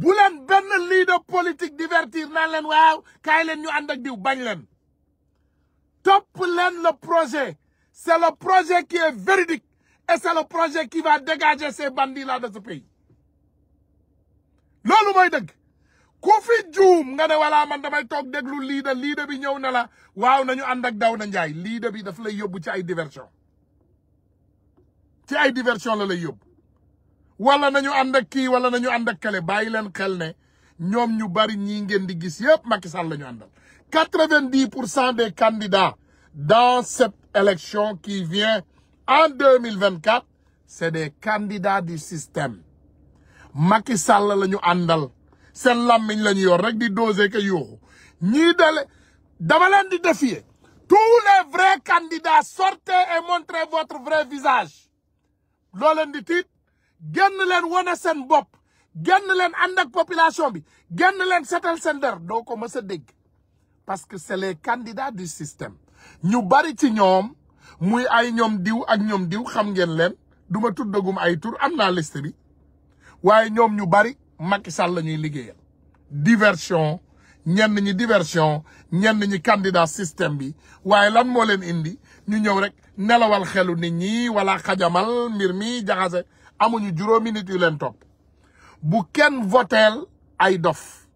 bu leen benn leader politique divertir naan leen waaw kaay leen ñu ànd ak diw bañ leen topp leen le projet c'est le projet qui est véridique et c'est le projet qui va dégager ces bandits là de ce loolu mooy dëgg ku fi juum nga ne wala man damay toog déglu leader leader bi ñëw na la waaw nañu ànd ak daw na njaay leader bi daf lay yóbbu ci ay diversion ci ay diversion la la yóbbu walla nañu ànd ak kii wala nañu ànd ak kele bàyyi leen xel ne ñoom ñu bari ñii ngeen di gis yëpp Macky Sall la ñu àndal quatre-vingt-dix pour cent des candidats dans cette élection qui vien en deux mille vingt-quatre c'est des candidats du système Macky Sall la ñu àndal seen làmmiñ la ñu yor rek di dose que yooxu ñii dale dama leen di défier tous les vrais candidats sortez et montrez votre vrai visage loo leen di tiit génn leen wane seen bopp génn leen ànd ak population bi génn leen setal seen der doo ko mës a dégg parce que c'est les candidats du système ñu bari ci ñoom muy ay ñoom diw ak ñoom diw xam ngeen leen duma tuddagum ay tur am na liste bi waaye ñoom ñu bari Macky Sall lañuy ñuy liggéeyal diversion ñenn ñi diversion ñenn ñi candidat système bi waaye lan moo leen indi ñu ñëw rek nelawal xelu nit ñi wala xajamal mbir mi jaxase amuñu juróomi nit yu leen topp bu kenn voteel ay dof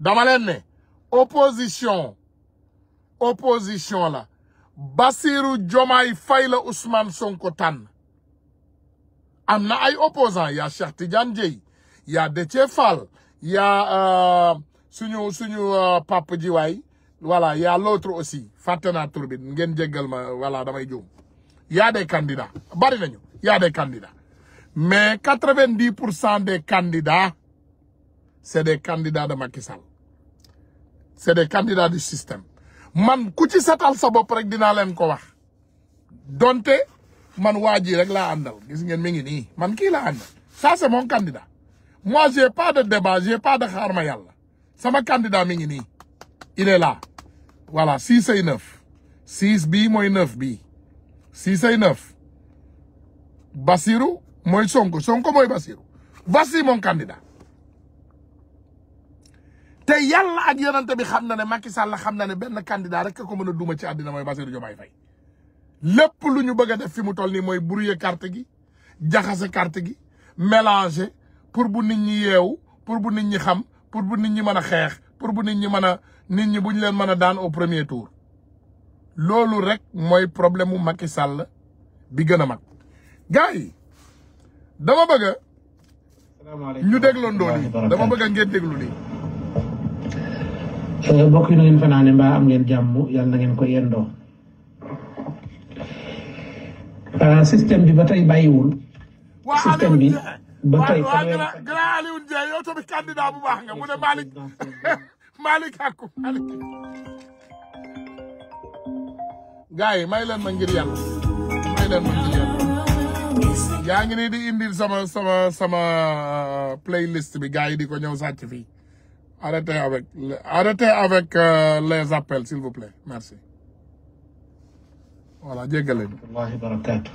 dama leen ne opposition opposition la Bassirou jomay fay la Ousmane Sonko tànn am na ay opposants y'a Cheikh Tidiane Dièye y'a Déthié Fall y'a euh, suñu suñu euh, papa ji voilà y' a l' aussi fàtte naa tur ngeen jéggal ma voilà damay juum y' a des bari nañu yaa a des candidats mais quatre vingt dix pour cent des candidats c' est des candidats de Macky Sall est des candidats du man ku ci setal sa bopp rek dinaa leen ko wax donte man waa ji rek laa àndal gis ngeen mi ngi nii man kii laa àndal ça c' est mon candidat de débat j'ai pas de ma yàlla sama candidat mi ngi nii il voilà six ay neuf six bii mooy neuf bii six ay neuf Bassirou mooy Sonko Sonko mooy Bassirou voici mon candidat te yàlla ak yonante bi xam na ne Macky Sall xam na ne benn candidat rek ka ko mën a duma ci àddina mooy Bassirou Diomaye Faye lépp lu ñu bëgg a def fi mu toll nii mooy brouiller carte gi jaxase carte gi mélanger pour bu nit ñi yeewu pour bu nit ñi xam pour bu nit ñi mën a xeex pour bu nit ñi mën a nit ñi buñ leen man a daan au premier tour loolu rek mooy problème mu Macky Sall bi gën a mag gars yi dama bëgg a ñu dégloondoo lii dama bëgg a ngeen déglu lii mbokk yi na ngeen fanaane mbaa am ngeen jàmm yàlla na ngeen ko yendoo ah, système bi ba tey bàyyiwul système bi ba tey waaw grand Alioune Ndiaye yow tamit candidat bu baax nga mu ne Malick Malick Gakou Malick yi may leen ma ngir yàlla yaa ngi ne di indil sama sama sama euh, bi gars yi di ko ñëw sàcc fii arrêtez avec arrêtez avec euh, les appels merci voilà jéggale wallahi barakaatu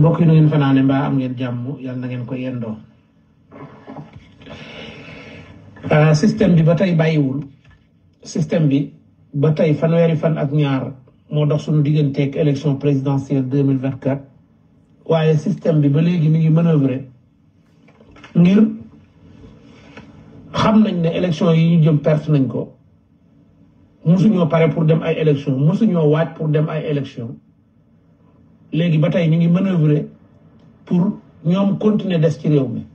mbokk yi na ngeen mbaa am ngeen jàmm yàlla na ngeen ko yendoo Euh, système bi ba tey bàyyiwul système bi ba tey fanweeri fan ak ñaar moo dox suñu digganteeg élection présidentielle deux mille vingt quatre waaye système bi ba léegi mi ngi manœuvrer ngir xam nañ ne élection yi ñu jëm perte nañ ko mosuñoo pare pour dem ay élection mosuñoo waaj pour dem ay élection léegi ba tey ñu ngi manœuvrer pour ñoom continuer des ci réew mi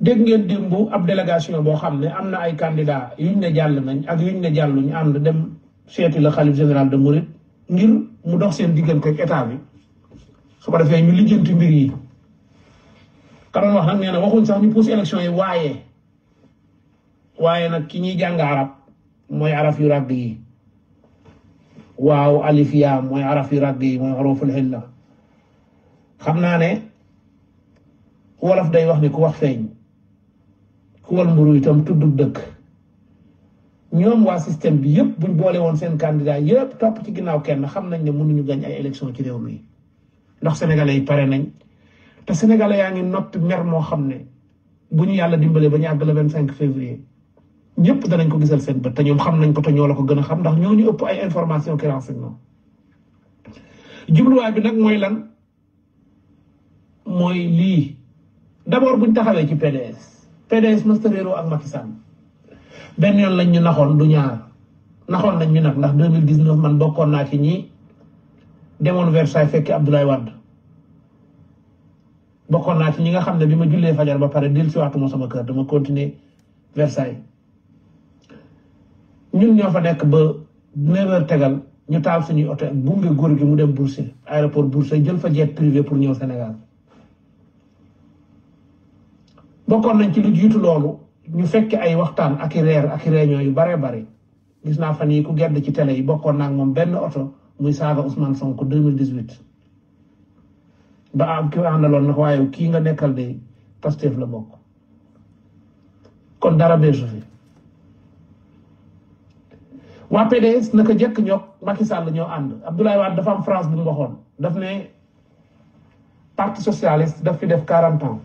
dégg ngeen démb ab délégation boo xam ne am na ay candidat yuñ ne jàll nañ ak yuñ ne jàlluñ ànd dem seeti la xalif général de Mouride ngir mu dox seen diggante ak état bi su ko defee ñu lijjanti mbir yi. karoon sax ñu pousse élection waaye waaye nag ki ñuy jàng mooy araf yu ràgg yi waaw alif mooy araf yu ràgg yi mooy xaroful xilla xam naa ne wolof day wax ni ku wax feeñ. wal mburu tam tuddub dëkk ñoom waa système bi yëpp buñ boole woon seen candidat yëpp topp ci ginnaaw kenn xam nañ ne mënuñu gañ ay élection ci réew mi ndax sénégalais yi pare nañ te sénégalais yaa ngi noppi mer moo xam ne bu ñu yàlla dimbalee ba ñu àgg le vingt cinq février ñëpp danañ ko gisal seen bët te ñoom xam nañ ko te ñoo la ko gën a xam ndax ñoo ñu ëpp ay information ki renseignement jubluwaay bi nag mooy lan mooy lii d'abord buñ taxawee ci PDS PDS mësta réeroo ak Macky benn yoon lañ ñu naxoon du ñaar naxoon nañ ñu nag ndax 2019 man bokkoon naa ci ñi demoon Versailles fekki Abdoulaye Wade bokkoon naa ci ñi nga xam ne bi ma jullee fajar ba pare dellu si moo sama kër dama continuer Versailles ñun ñoo fa nekk ba neuf heures tegal ñu taal suñuy oto ak gunge góor gi mu dem Bourse aéroport Bourse jël fa jet privé pour ñëw Sénégal bokkoon nañ ci lu jiitu loolu ñu fekk ay waxtaan ak i reer ak i yu baree bari gis naa fan yi ku gedd ci télé yi bokkoon naa moom benn oto muy saaga Ousmane Sonko 2018 ba am ki àndaloon nag waaye kii nga nekkal de Pastef la bokk kon dara beesu fi waa PDS naka jëkk ñoog Macky Sall ñoo ànd Abdoulaye Wade dafa am France bi mu waxoon daf ne parti socialiste daf fi def 40 ans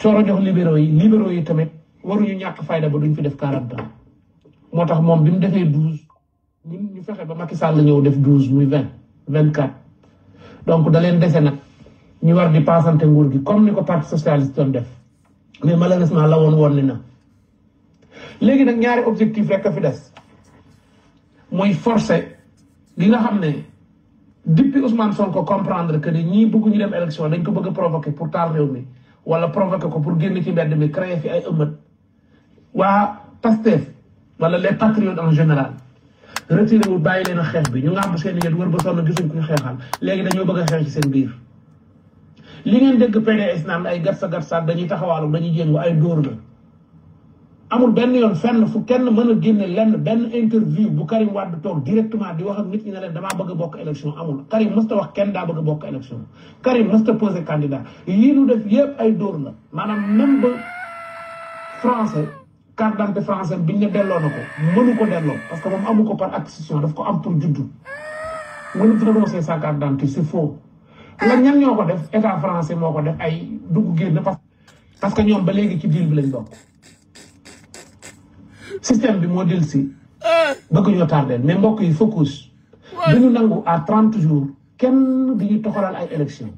sooro jox libéraux yi libéraux yi tamit waruñu ñàkk fayda ba duñ fi def quarante ans moo tax moom bi mu defee douze ñun ñu fexe ba Macky Sall ñëw def douze muy vingt vingt quatre donc da leen dese nag ñu war di paasante nguur gi comme ni ko parti socialiste doon def mais malheureusement la woon woon ni na léegi nag ñaari objectif rek a fi des mooy forcé li nga xam ne depuis Ousmane Sonko comprendre que ni ñii bëgg ñu dem élection dañ ko bëgg a pour taal réew mi wala provoqué ko pour génn ci mbedd mi créé fi ay ëmbët waa Pastef wala les patriotes en général retiré wu bàyyi leen a xeex bi ñu nga am seen yéen wër ba sonn gisuñ kuñ xeexal léegi dañoo bëgg a xeex ci seen biir li ngeen dégg PDS naan ay gatsa gatsaat dañuy taxawaalu dañuy jéngu ay dóor la amul benn yoon fenn fu kenn mën a génne lenn benn interview bu Karim Wade toog directement di wax ak nit ñi ne leen damaa bëgg a bokk élection amul Karim mësta wax kenn daa bëgg a bokk élection Karim mësta posé candidat yii nu def yëpp ay dóor la maanaam même ba français carte mënu ko delloo parce que moom amu ko par acquisition daf ko am pour juddu mënu renoncer sa carte d'identité c'est faux la ñan ñoo ko def état français moo ko def ay dugg génn parce que ñoom ba léegi ci deal bi lañ bokk système bi moo dellu si. bëgg ñoo tardé mais mbokk yi focus. du ñu nangu à trente jour kenn du ñu toxalal ay élections.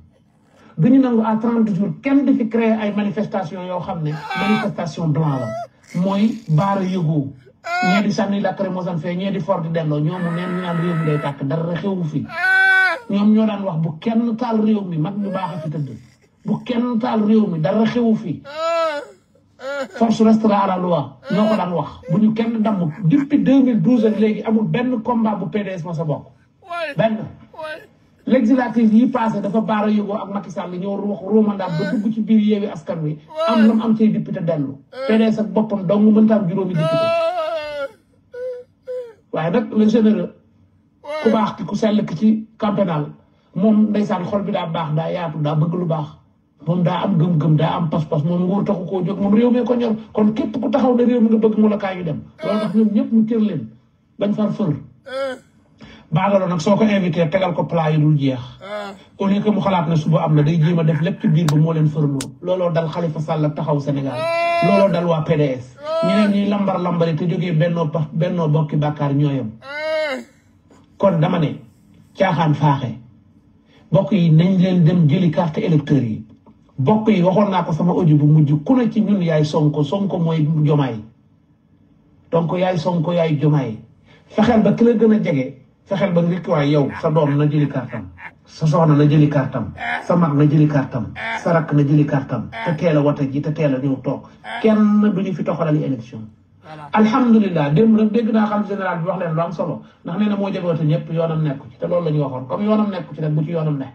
du nangu à trente jours kenn du fi ay manifestations yoo xam ne manifestation blanc la mooy baara yëgoo. ñee di sànni lacrymogène fee ñee di for di delloo ñoomu neen ñu day tàkk dara xewu fi ñoom ñoo daan wax bu kenn taal réew mi mag ñu baax a fi tëdd bu kenn taal réew dara xewu fi force restera à la ñoo ko daan wax bu ñu kenn damm depuis 2012 ak léegi amul benn combat bu PDS ma sa bokk benn législative yi passé dafa baar baara yóboo ak Macky Sall ñëw wax ruumandaat ba dugg ci biir yeewi askan wi am na am ci député dellu eh. PDS ak boppam dong mënta am juróomi député eh. waaye nag le généreux ku baax ki ku sell ki ci campénal moom ndeysaan xol bi daa baax daa yaatu daa bëgg lu baax moom daa am gëm-gëm daa am pas-pas moom nguur taxu koo jóg moom réew mi ko ñor kon képp ku taxaw ne réew mi nga bëgg mu la kaa ñu dem loolu tax ñoom ñëpp mu cër leen bañ far fër baagaloo nag soo ko invité tegal ko plat yi jeex au lieu mu xalaat ne suba am na day jéem a def lépp ci biir ba moo leen fërloo looloo dal Khalifa Sall taxaw Sénégal looloo dal waa PDS ñeneen ñuy lambar lambari te jógee bennoo pa bennoo bokki bàkkaar ñooyam kon dama ne caaxaan faaxe bokk yi nañ leen dem jëli carte électeur yi bokk yi waxoon naa ko sama audio bu mujj ku ne ci ñun yaay sonko sonko mooy jomaay donc yaay sonko yaay jomaay fexeel ba ki la gën a jege fexeel ba ngi waaye yow sa doom na jëli kartam sa soxna na jëli kartam sa mag na jëli kartam sa rakk na jëli kartam te teel a wata ji te teel a ñëw toog kenn du ñu fi toxalali élection alhamdulilah démb nag dégg naa xam général bi wax leen lu am solo ndax nee na moo jegoote ñëpp yoonam nekku ci te loolu la ñu waxoon comme yoonam nekku ci nag bu ne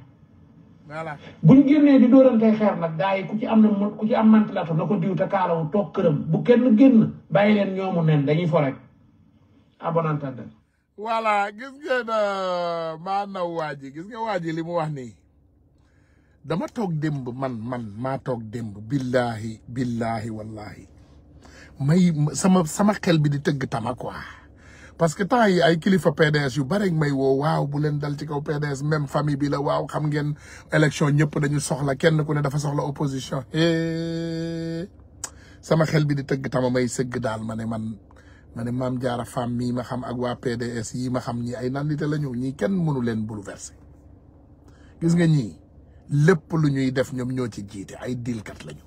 bu ñu génnee di dóorante xeer nag gaa ku ci am na ku am mantilato na ko diw te kaalawu toog këram bu kenn génn bàyyi leen ñoomu nen dañuy fo rek abonanta de voilà gis ngeen euh, maa naw waa gis nga waa ji li mu wax nii dama toog démb man man maa toog démb billaahi billaahi wallaahi may sama sama xel bi di tëgg tama quoi parce que temps yi ay kilifa PDS yu bare may woo waaw bu leen dal ci kaw PDS même famille bi la waaw xam ngeen élection ñëpp dañu soxla kenn ku ne dafa soxla opposition sama xel bi di tëgg tama may sëgg daal ma ne man ma ne maam jaara femme mii ma xam ak waa PDS yi ma xam ñii ay nandite la ñu ñii kenn mënu leen bouleversé gis nga ñii lépp lu ñuy def ñoom ñoo ci jiite ay diilkat lañu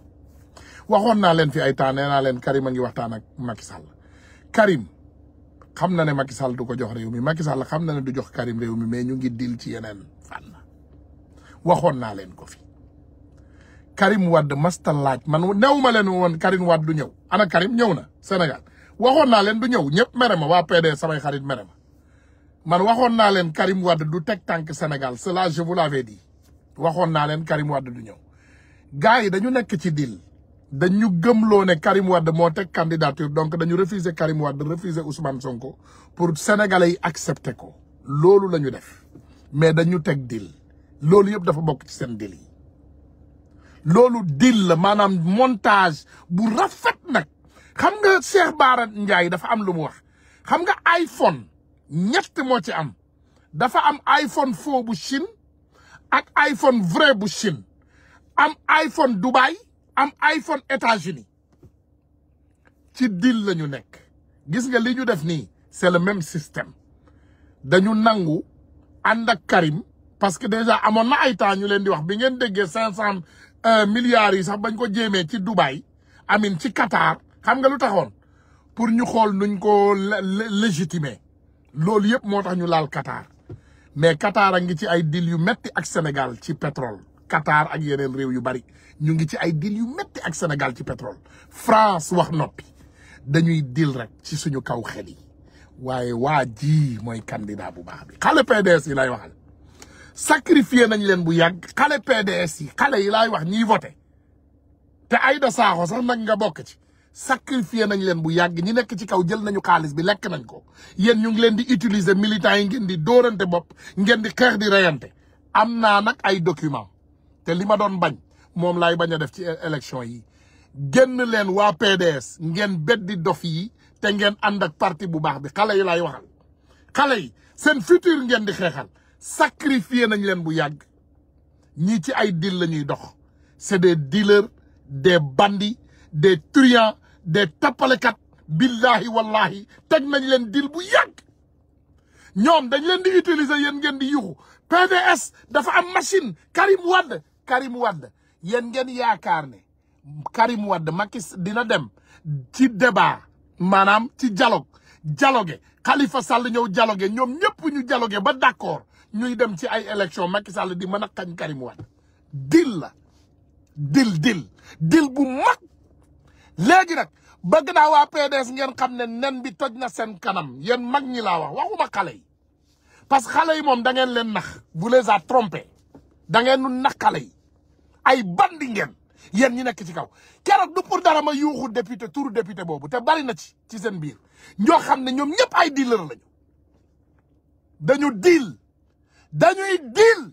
waxoon naa leen fi ay temps naa leen Karim a ngi waxtaan ak Macky Sall xam na ne Macky Sall du ko jox réew mi Macky Sall xam na ne du jox Karim réew mi mais ñu ngi dil ci yeneen fànn waxoon naa leen ko fi Karim Wade masta laaj man new ma leen woon Karim Wade du ñëw ana Karim ñëw na Sénégal waxoon naa leen du ñëw ñëpp mere ma waa PDS samay xarit mere ma man waxoon naa leen Karim Wade du teg tànk Sénégal cela je vous l'avais dit waxoon naa leen Karim Wade du ñëw gars yi dañu nekk ci dil dañu gëmloo ne Karim Wade moo teg candidature donc dañu refuser Karim Wade refuser Ousmane Sonko pour sénégalais yi accepter ko loolu la ñu def mais dañu teg deal loolu yëpp dafa bokk ci seen deal yi loolu deal la maanaam montage bu rafet nag xam nga Cheikh Bara Ndiaye dafa am lu mu wax xam nga iPhone ñett moo ci am dafa am iPhone faux bu Chine ak iPhone vrai bu Chine am iPhone Dubaï am iPhone États-Unis ci deal la ñu nekk gis nga li ñu def nii c'est le même système dañu nangu ànd ak Karim parce que déjà amoon na ay temps ñu leen di wax bi ngeen déggee cinq cent milliards yi sax bañ ko jéemee ci Dubaï amin ci Qatar xam nga lu taxoon pour ñu xool nuñ ko légitimer loolu yëpp moo tax ñu laal Qatar mais Qatar a ngi ci ay deal yu metti ak Sénégal ci pétrole Qatar ak yeneen réew yu bari ñu ngi ci ay deal yu métti ak Sénégal ci pétrole France wax noppi dañuy dil rek ci suñu kaw xel yi waaye waa ji mooy candidat bu baax bi xale PDS yi lay waxal sacrifié nañ leen bu yàgg xale PDS yi xale yi laay wax ñii voté te Aïda Sakho sax nag nga bokk ci sacrifié nañ leen bu yàgg ñi nekk ci kaw jël nañu xaalis bi lekk nañ ko yéen ñu ngi leen di utiliser militants yi ngeen di dóorante bopp ngeen di xeex di reyante am naa nag ay document te li ma doon bañ moom laay bañ a def ci élection yi génn leen waa PDS ngeen beddi dof yi te ngeen ànd ak parti bu baax bi xale yi laay waxal xale yi seen futur ngeen di xeexal sacrifié nañ leen bu yàgg ñii ci ay deal la ñuy dox c'est des dealers des bandits des truands des tappalekat billahi wallahi teg nañ leen deal bu yàgg ñoom dañ leen di utiliser yéen ngeen di yuxu PDS dafa am machine Karim Wade Karim Wade yéen ngeen yaakaar ne Karim Wade Macky dina dem ci débat maanaam ci dialogue jaloge Khalifa Sall ñëw dialogue ñoom ñëpp ñu dialogue ba d'accord ñuy dem ci ay élection Macky Sall di mën a xañ Karim Wade dil la dil dil dil bu mag léegi nag bëgg naa waa PDS ngeen xam ne nen bi toj na seen kanam yéen mag ñi laa wax waxuma xale yi parce que xale yi moom dangeen leen nax vous les a trompé da ngeen nu nax xale yi ay bandi ngeen yéen ñi nekk ci kaw keroog du pour dara ma yuuxu député turu député boobu te bari na ci ci seen biir ñoo xam ne ñoom ñëpp ay dealer lañu dañu deal dañuy deal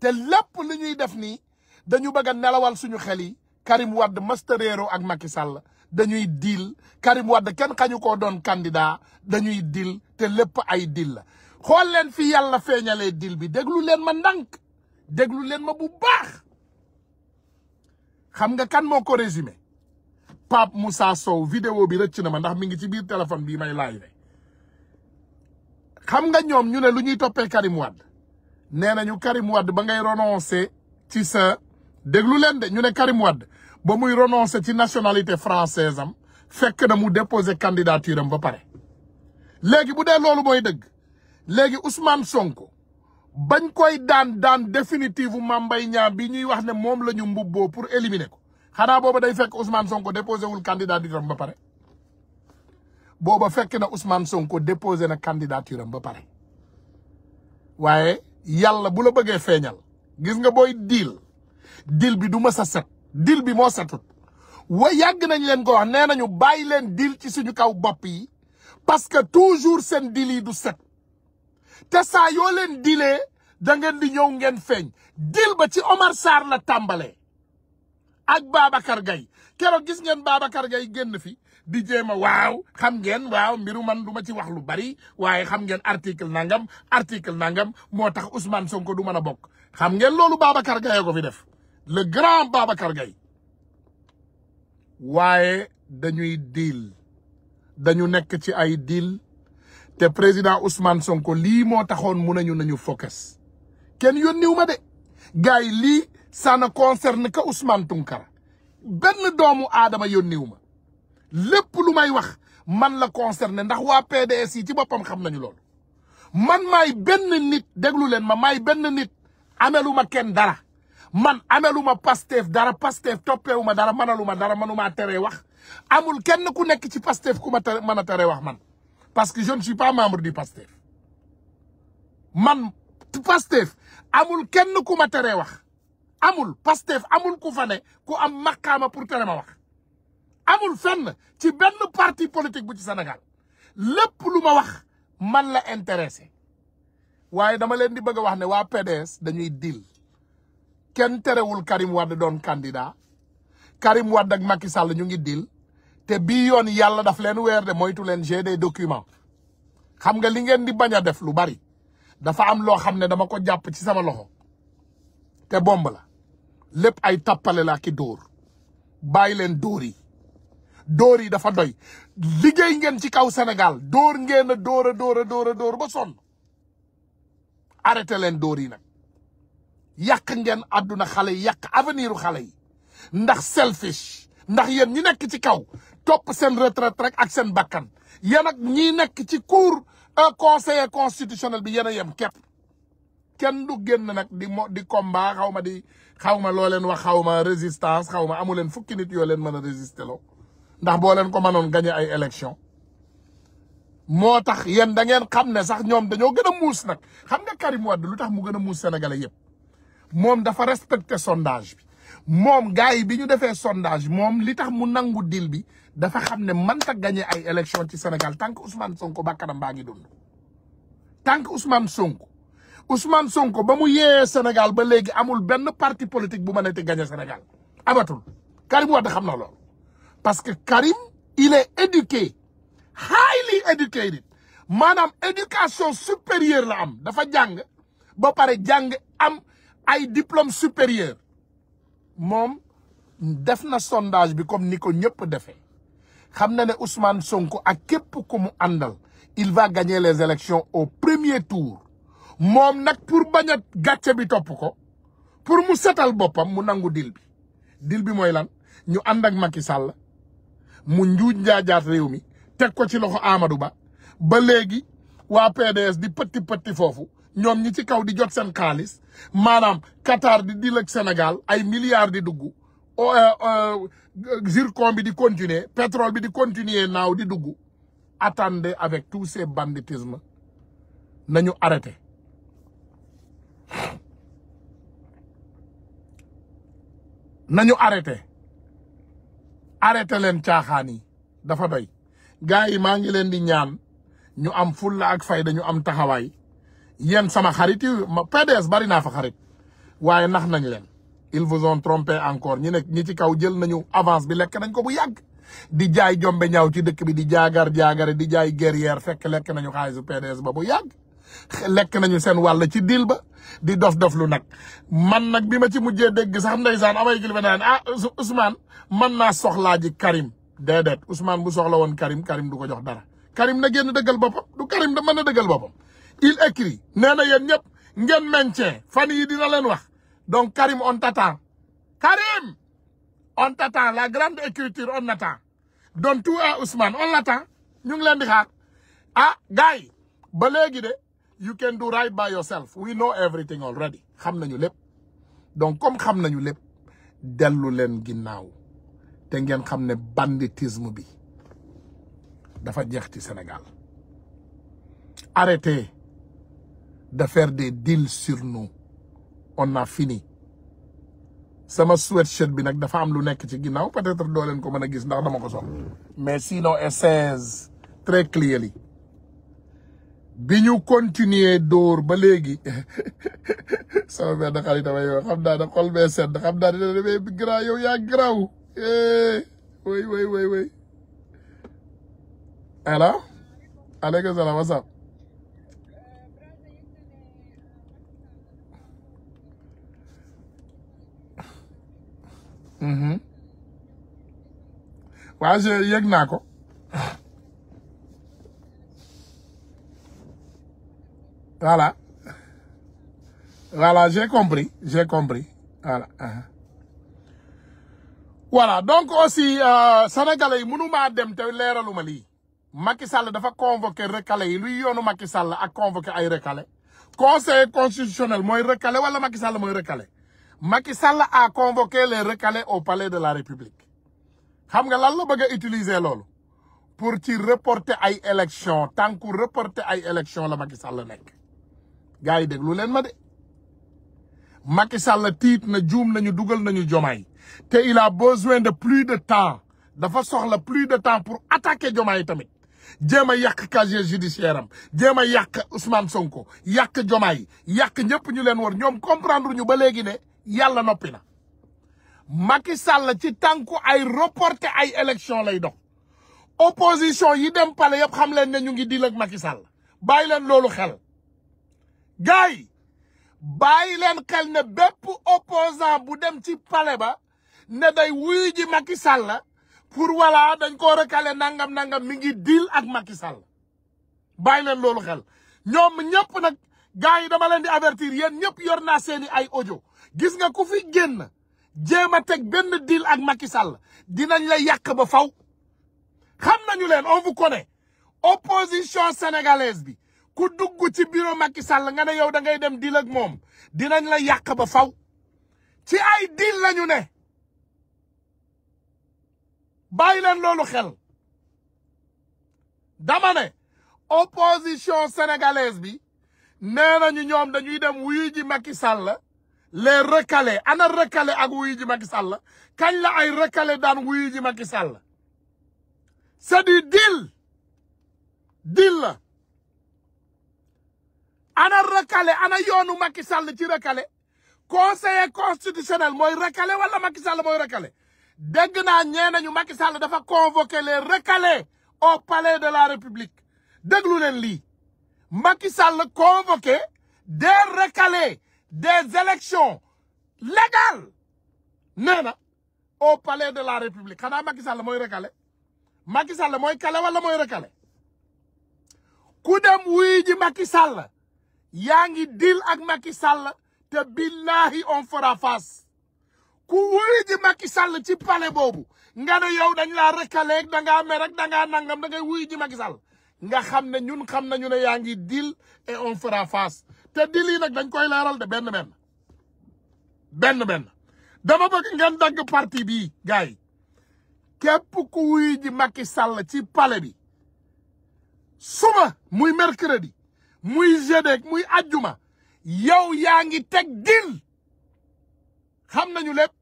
te lépp li ñuy def nii dañu bëgg a nelawal suñu xel yi Karim Wade mastereero ak Macky Sall dañuy deal Karim wadd kenn xañu koo doon candidat dañuy deal te lépp ay deal la xool leen fi yàlla feeñalee deal bi déglu leen ma ndànk déglu leen ma bu baax xam nga kan moo ko résumé Pape Moussa Sow vidéo bi rëcc na ma ndax mi ngi ci biir téléphone bi may laaj ne xam nga ñoom ñu ne lu ñuy toppee Karim Wade nee nañu Karim Wade ba ngay renoncer ci sa déglu leen de ñu ne Karim Wade ba muy renoncer ci nationalité française am fekk na mu déposé candidature am ba pare léegi bu dee loolu mooy dëgg léegi Ousmane Sonko bañ koy daan daan définitive Mame Mbaye Niang bi ñuy wax ne moom la ñu mbubboo pour éliminer ko xanaa booba day fekk Ousmane Sonko déposé wul candidature am ba pare booba fekk na Ousmane Sonko déposé na candidature am ba pare waaye yàlla bu la bëggee feeñal gis nga booy deal deal bi du mës a set deal bi moo setut wa yàgg nañ leen ko wax nee nañu bàyyi leen diil ci suñu kaw bopp yi parce que toujours seen deal yi du set te saa yoo leen dilee da di ñëw ngeen feeñ dil ba ci Omar Sarr na tàmbalee ak Babacar Gaye keroo gis ngeen Babacar Gaye génn fi di jéem a waaw xam ngeen waaw mbiru man du ma ci wax lu bari waaye xam ngeen article nangam article nangam moo tax usmaan Sonko du mën a bokk xam ngeen loolu Babacar Gaye ko fi def le grand Babacar Gaye waaye dañuy diil dañu nekk ci ay dil te président Ousmane Sonko lii moo taxoon mun nañu nañu focus kenn yónniw ma de gars yi lii ça ne concerne que Ousmane Tounkara benn doomu aadama yónniw ma lépp lu may wax man la concerné ndax waa PDS yi ci boppam xam nañu loolu man maay benn nit déglu leen ma maay benn nit amelu ma kenn dara man amelu ma Pastef dara Pastef toppee ma dara mënalu ma dara mënumaa teree wax amul kenn ku nekk ci Pastef ku ma tere mën a teree wax man parce que jeune ne suis pas membre du PASTEF man PASTEF amul kenn ku ma teree wax amul PASTEF amul ku fa ku am maqaama pour tere ma wax amul fenn ci benn parti politique bu ci senegal lépp lu ma wax man la intéressé waaye dama leen di bëgg a wax ne waa PDS dañuy dil kenn wul Karim Wade doon candidat Karim Wade ak Macky Sall ñu ngi dil te bii yoon yàlla daf leen weer de moytu leen j'ai des documents xam nga li ngeen di bañ a def lu bari dafa am loo xam ne dama ko jàpp ci sama loxo te bomb la lépp ay tappale la ki dóor bàyyi leen dóor yi dóor yi dafa doy liggéey ngeen ci kaw senegal dóor ngeen a dóor a dóor a dóor a dóor ba sonn arrêté leen dóor yi nag yàq ngeen àdduna xale yi yàq aveniru xale yi ndax selfish ndax yéen ñi nekk ci kaw topp seen retraite rek ak seen bakkan yéen ak ñi nekk ci cour euh, conseiller constitutionnel bi yéen a yem képp kenn du génn nag di mo di combat xaw ma di xaw ma loo leen wax xaw ma résistance xaw ma amu leen fukki nit yoo leen mën a résister loo ndax boo leen ko mënoon gagné ay élection moo tax yen da ngeen xam ne sax ñoom dañoo gën a muus nag xam nga Karim Wade lu tax mu gën a muus sénégalais yëpp moom dafa respecté sondage bi moom gars yi bi ñu defee sondage moom li tax mu nangu deal bi dafa xam ne man mënta gagné ay élection ci Sénégal tant que Ousmane Sonko bakkanam baa ngi dund. tant que Ousmane Sonko Ousmane Sonko ba mu yee Sénégal ba léegi amul benn parti politique bu mën a te gagné Sénégal abatul Karim Wade xam na loolu parce que Karim il est éduqué highly educated maanaam éducation supérieure la am dafa jàng ba pare jàng am ay diplôme supérieur moom def na sondage bi comme ni ko ñëpp defee xam na ne Ousmane Sonko ak képp ku mu àndal il va gagner les élections au premier tour moom nag pour bañ a bi topp ko pour mu setal boppam mu nangu dil bi dil bi mooy lan ñu ànd ak Macky Sall mu njuuj njaajaat réew mi teg ko ci loxo Amadou Ba ba léegi waa PDS di pëtti pëtti foofu ñoom ñi ci kaw di jot seen xaalis maanaam Qatar di dil ak Sénégal ay milliards di dugg eh, eh, zircon bi di continuer pétrole bi di continuer naaw di dugg attendez avec tous ces banditismes nañu arrêté nañu arrêté arrêté leen caaxaan yi dafa doy gars yi maa ngi leen di ñaan ñu am fulla ak fayda ñu am taxawaay yéen sama xarit yi ma PDS bari naa fa xarit waaye nax nañ leen il vous ont trompé encore ñi nekk ñi ci kaw jël nañu avance bi lekk nañ ko bu yàgg di jaay jombe ñaaw ci dëkk bi di jaagar jaagare di jaay guerrière fekk lekk nañu xaalisu PDS ba bu yàgg lekk nañu seen wàll ci dil ba di dof-dof lu nag man nag bi ma ci mujjee dégg sax ndeysaan amay kilifa naan ah Ousmane man naa soxlaa ji Karim déedéet Ousmane bu soxla woon Karim Karim du ko jox dara Karim na génn dëggal boppam du Karim da mën a dëggal boppam il écrit nee na yéen ñëpp ngeen maintien fan yi dina leen wax donc Karim on t'attend Karim on tatan la grand écriture on attend donne tout à Ousmane on l'attend ñu ngi leen di xaar ah gars yi ba léegi de you can do right by yourself we know everything already xam nañu lépp donc comme xam nañu lépp dellu leen ginnaaw te ngeen xam ne banditisme bi dafa jeex ci Sénégal arrêtez de faire de deals sur nous on a fini sama sweatshirt bi nag dafa am lu nekk ci ginnaaw peut-être doo ko mën a gis ndax dama ko sol mais sinon it says très clearly bi ñu continuer dóor ba léegi sama benn xarit ama yow xam naa ne xol bee sedd xam naa ne damay garaaw yow yaa garaaw eh, Mm-hmm. waaw je yëg naa ko voilà voilà j'ai compris j'ai compris voilà uh-huh. voilà donc aussi euh, sénégalais yi mënu maa dem te leeralu ma lii Macky Sall dafa convoqué recalé yi luy yoonu Macky Sall a convoqué ay recalé conseil constitutionnel mooy recalé wala Macky Sall mooy recalé Macky Sall a le les ale au palais de la République xam nga lan la bëgg a utiliser loolu pour ci reporter ay élection tant que reporter ay élection la Macky Sall nekk gars yi lu leen ma de Macky Sall tiit na juum nañu dugal nañu Diomaye te il a besoin de plus de temps dafa soxla plus de temps pour attaquer Diomaye tamit jéem a yàq casier judiciaire am jéem a yàq Ousmane Sonko yàq Diomaye yàq ñëpp ñu leen war ñoom comprendre ñu ba léegi ne yàlla noppi na Macky Sall ci tànku ay reporter ay élection lay dox opposition yi dem pale yëpp xam leen ne ñu ngi dil ak Macky Sall bàyyi leen loolu xel gars yi bàyyi leen xel ne bépp opposant bu dem ci pale ba ne day wuyu ji Macky Sall pour voilà dañ ko recalé nangam nangam mi ngi dil ak Macky Sall bàyyi leen loolu xel ñoom ñëpp nag gars yi dama leen di avertir yéen ñëpp yor naa seeni ay ojo gis nga ku fi génn jéem a teg benn deal ak Macky Sall dinañ la yàq ba faw xam nañu leen on vous connaît opposition sénégalaise bi ku dugg ci bureau Macky Sall nga ne yow da ngay dem deal ak moom dinañ la yàq ba faw ci ay deal lañu ne bàyyi leen loolu xel dama ne opposition sénégalaise bi nee nañu ñoom dañuy dem wuyu ji Macky Sall le recalés ana recalé ak wuyu ji Macky Sall kañ la ay recalé daan wuyu ji Macky Sall c'est ana recalé ana yoonu Macky Sall ci recalé conseiller constitutionnel mooy recalé wala Macky mooy recalé dégg naa ñee nañu Macky Sall dafa convoquer les recalés au palais de la République déglu leen lii Macky Sall convoqué des recalés des élections légales nee na au de la république xanaa Macky Sall mooy recalé Macky Sall mooy kale wala mooy recalé ku dem wuy ji Macky yaa ngi dil ak Macky Sall te billahi on fera face ku wuy ji Macky ci palais boobu nga ne yow dañ laa recalé da ngaa mer rek da ngaa nangam da ngay wuy ji Macky Sall nga xam ne ñun xam nañu ne yaa ngi dil et on fera face te di lii nag dañ koy leeral de benn benn benn benn dama bëgg ngeen dagg parti bii gars yi képp ku wuy ji Macky Sall ci palais bi suba muy mercredi muy jeudi muy ajuma yow yaa ngi teg dil xam nañu lépp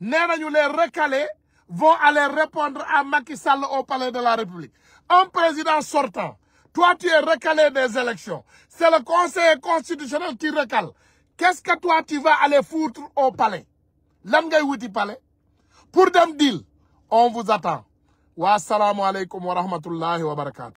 nee nañu les recalés vont aller répondre à Macky Sall au palais de la République un président sortant toi tu es des élections c'est le conseil constitutionnel qui recale qu'est-ce que toi tu vas aller foutre au palais lan ngay wuti palais pour dem deal on vous attend wa salaamu aleykum wa rahmatullahi wa barakaatu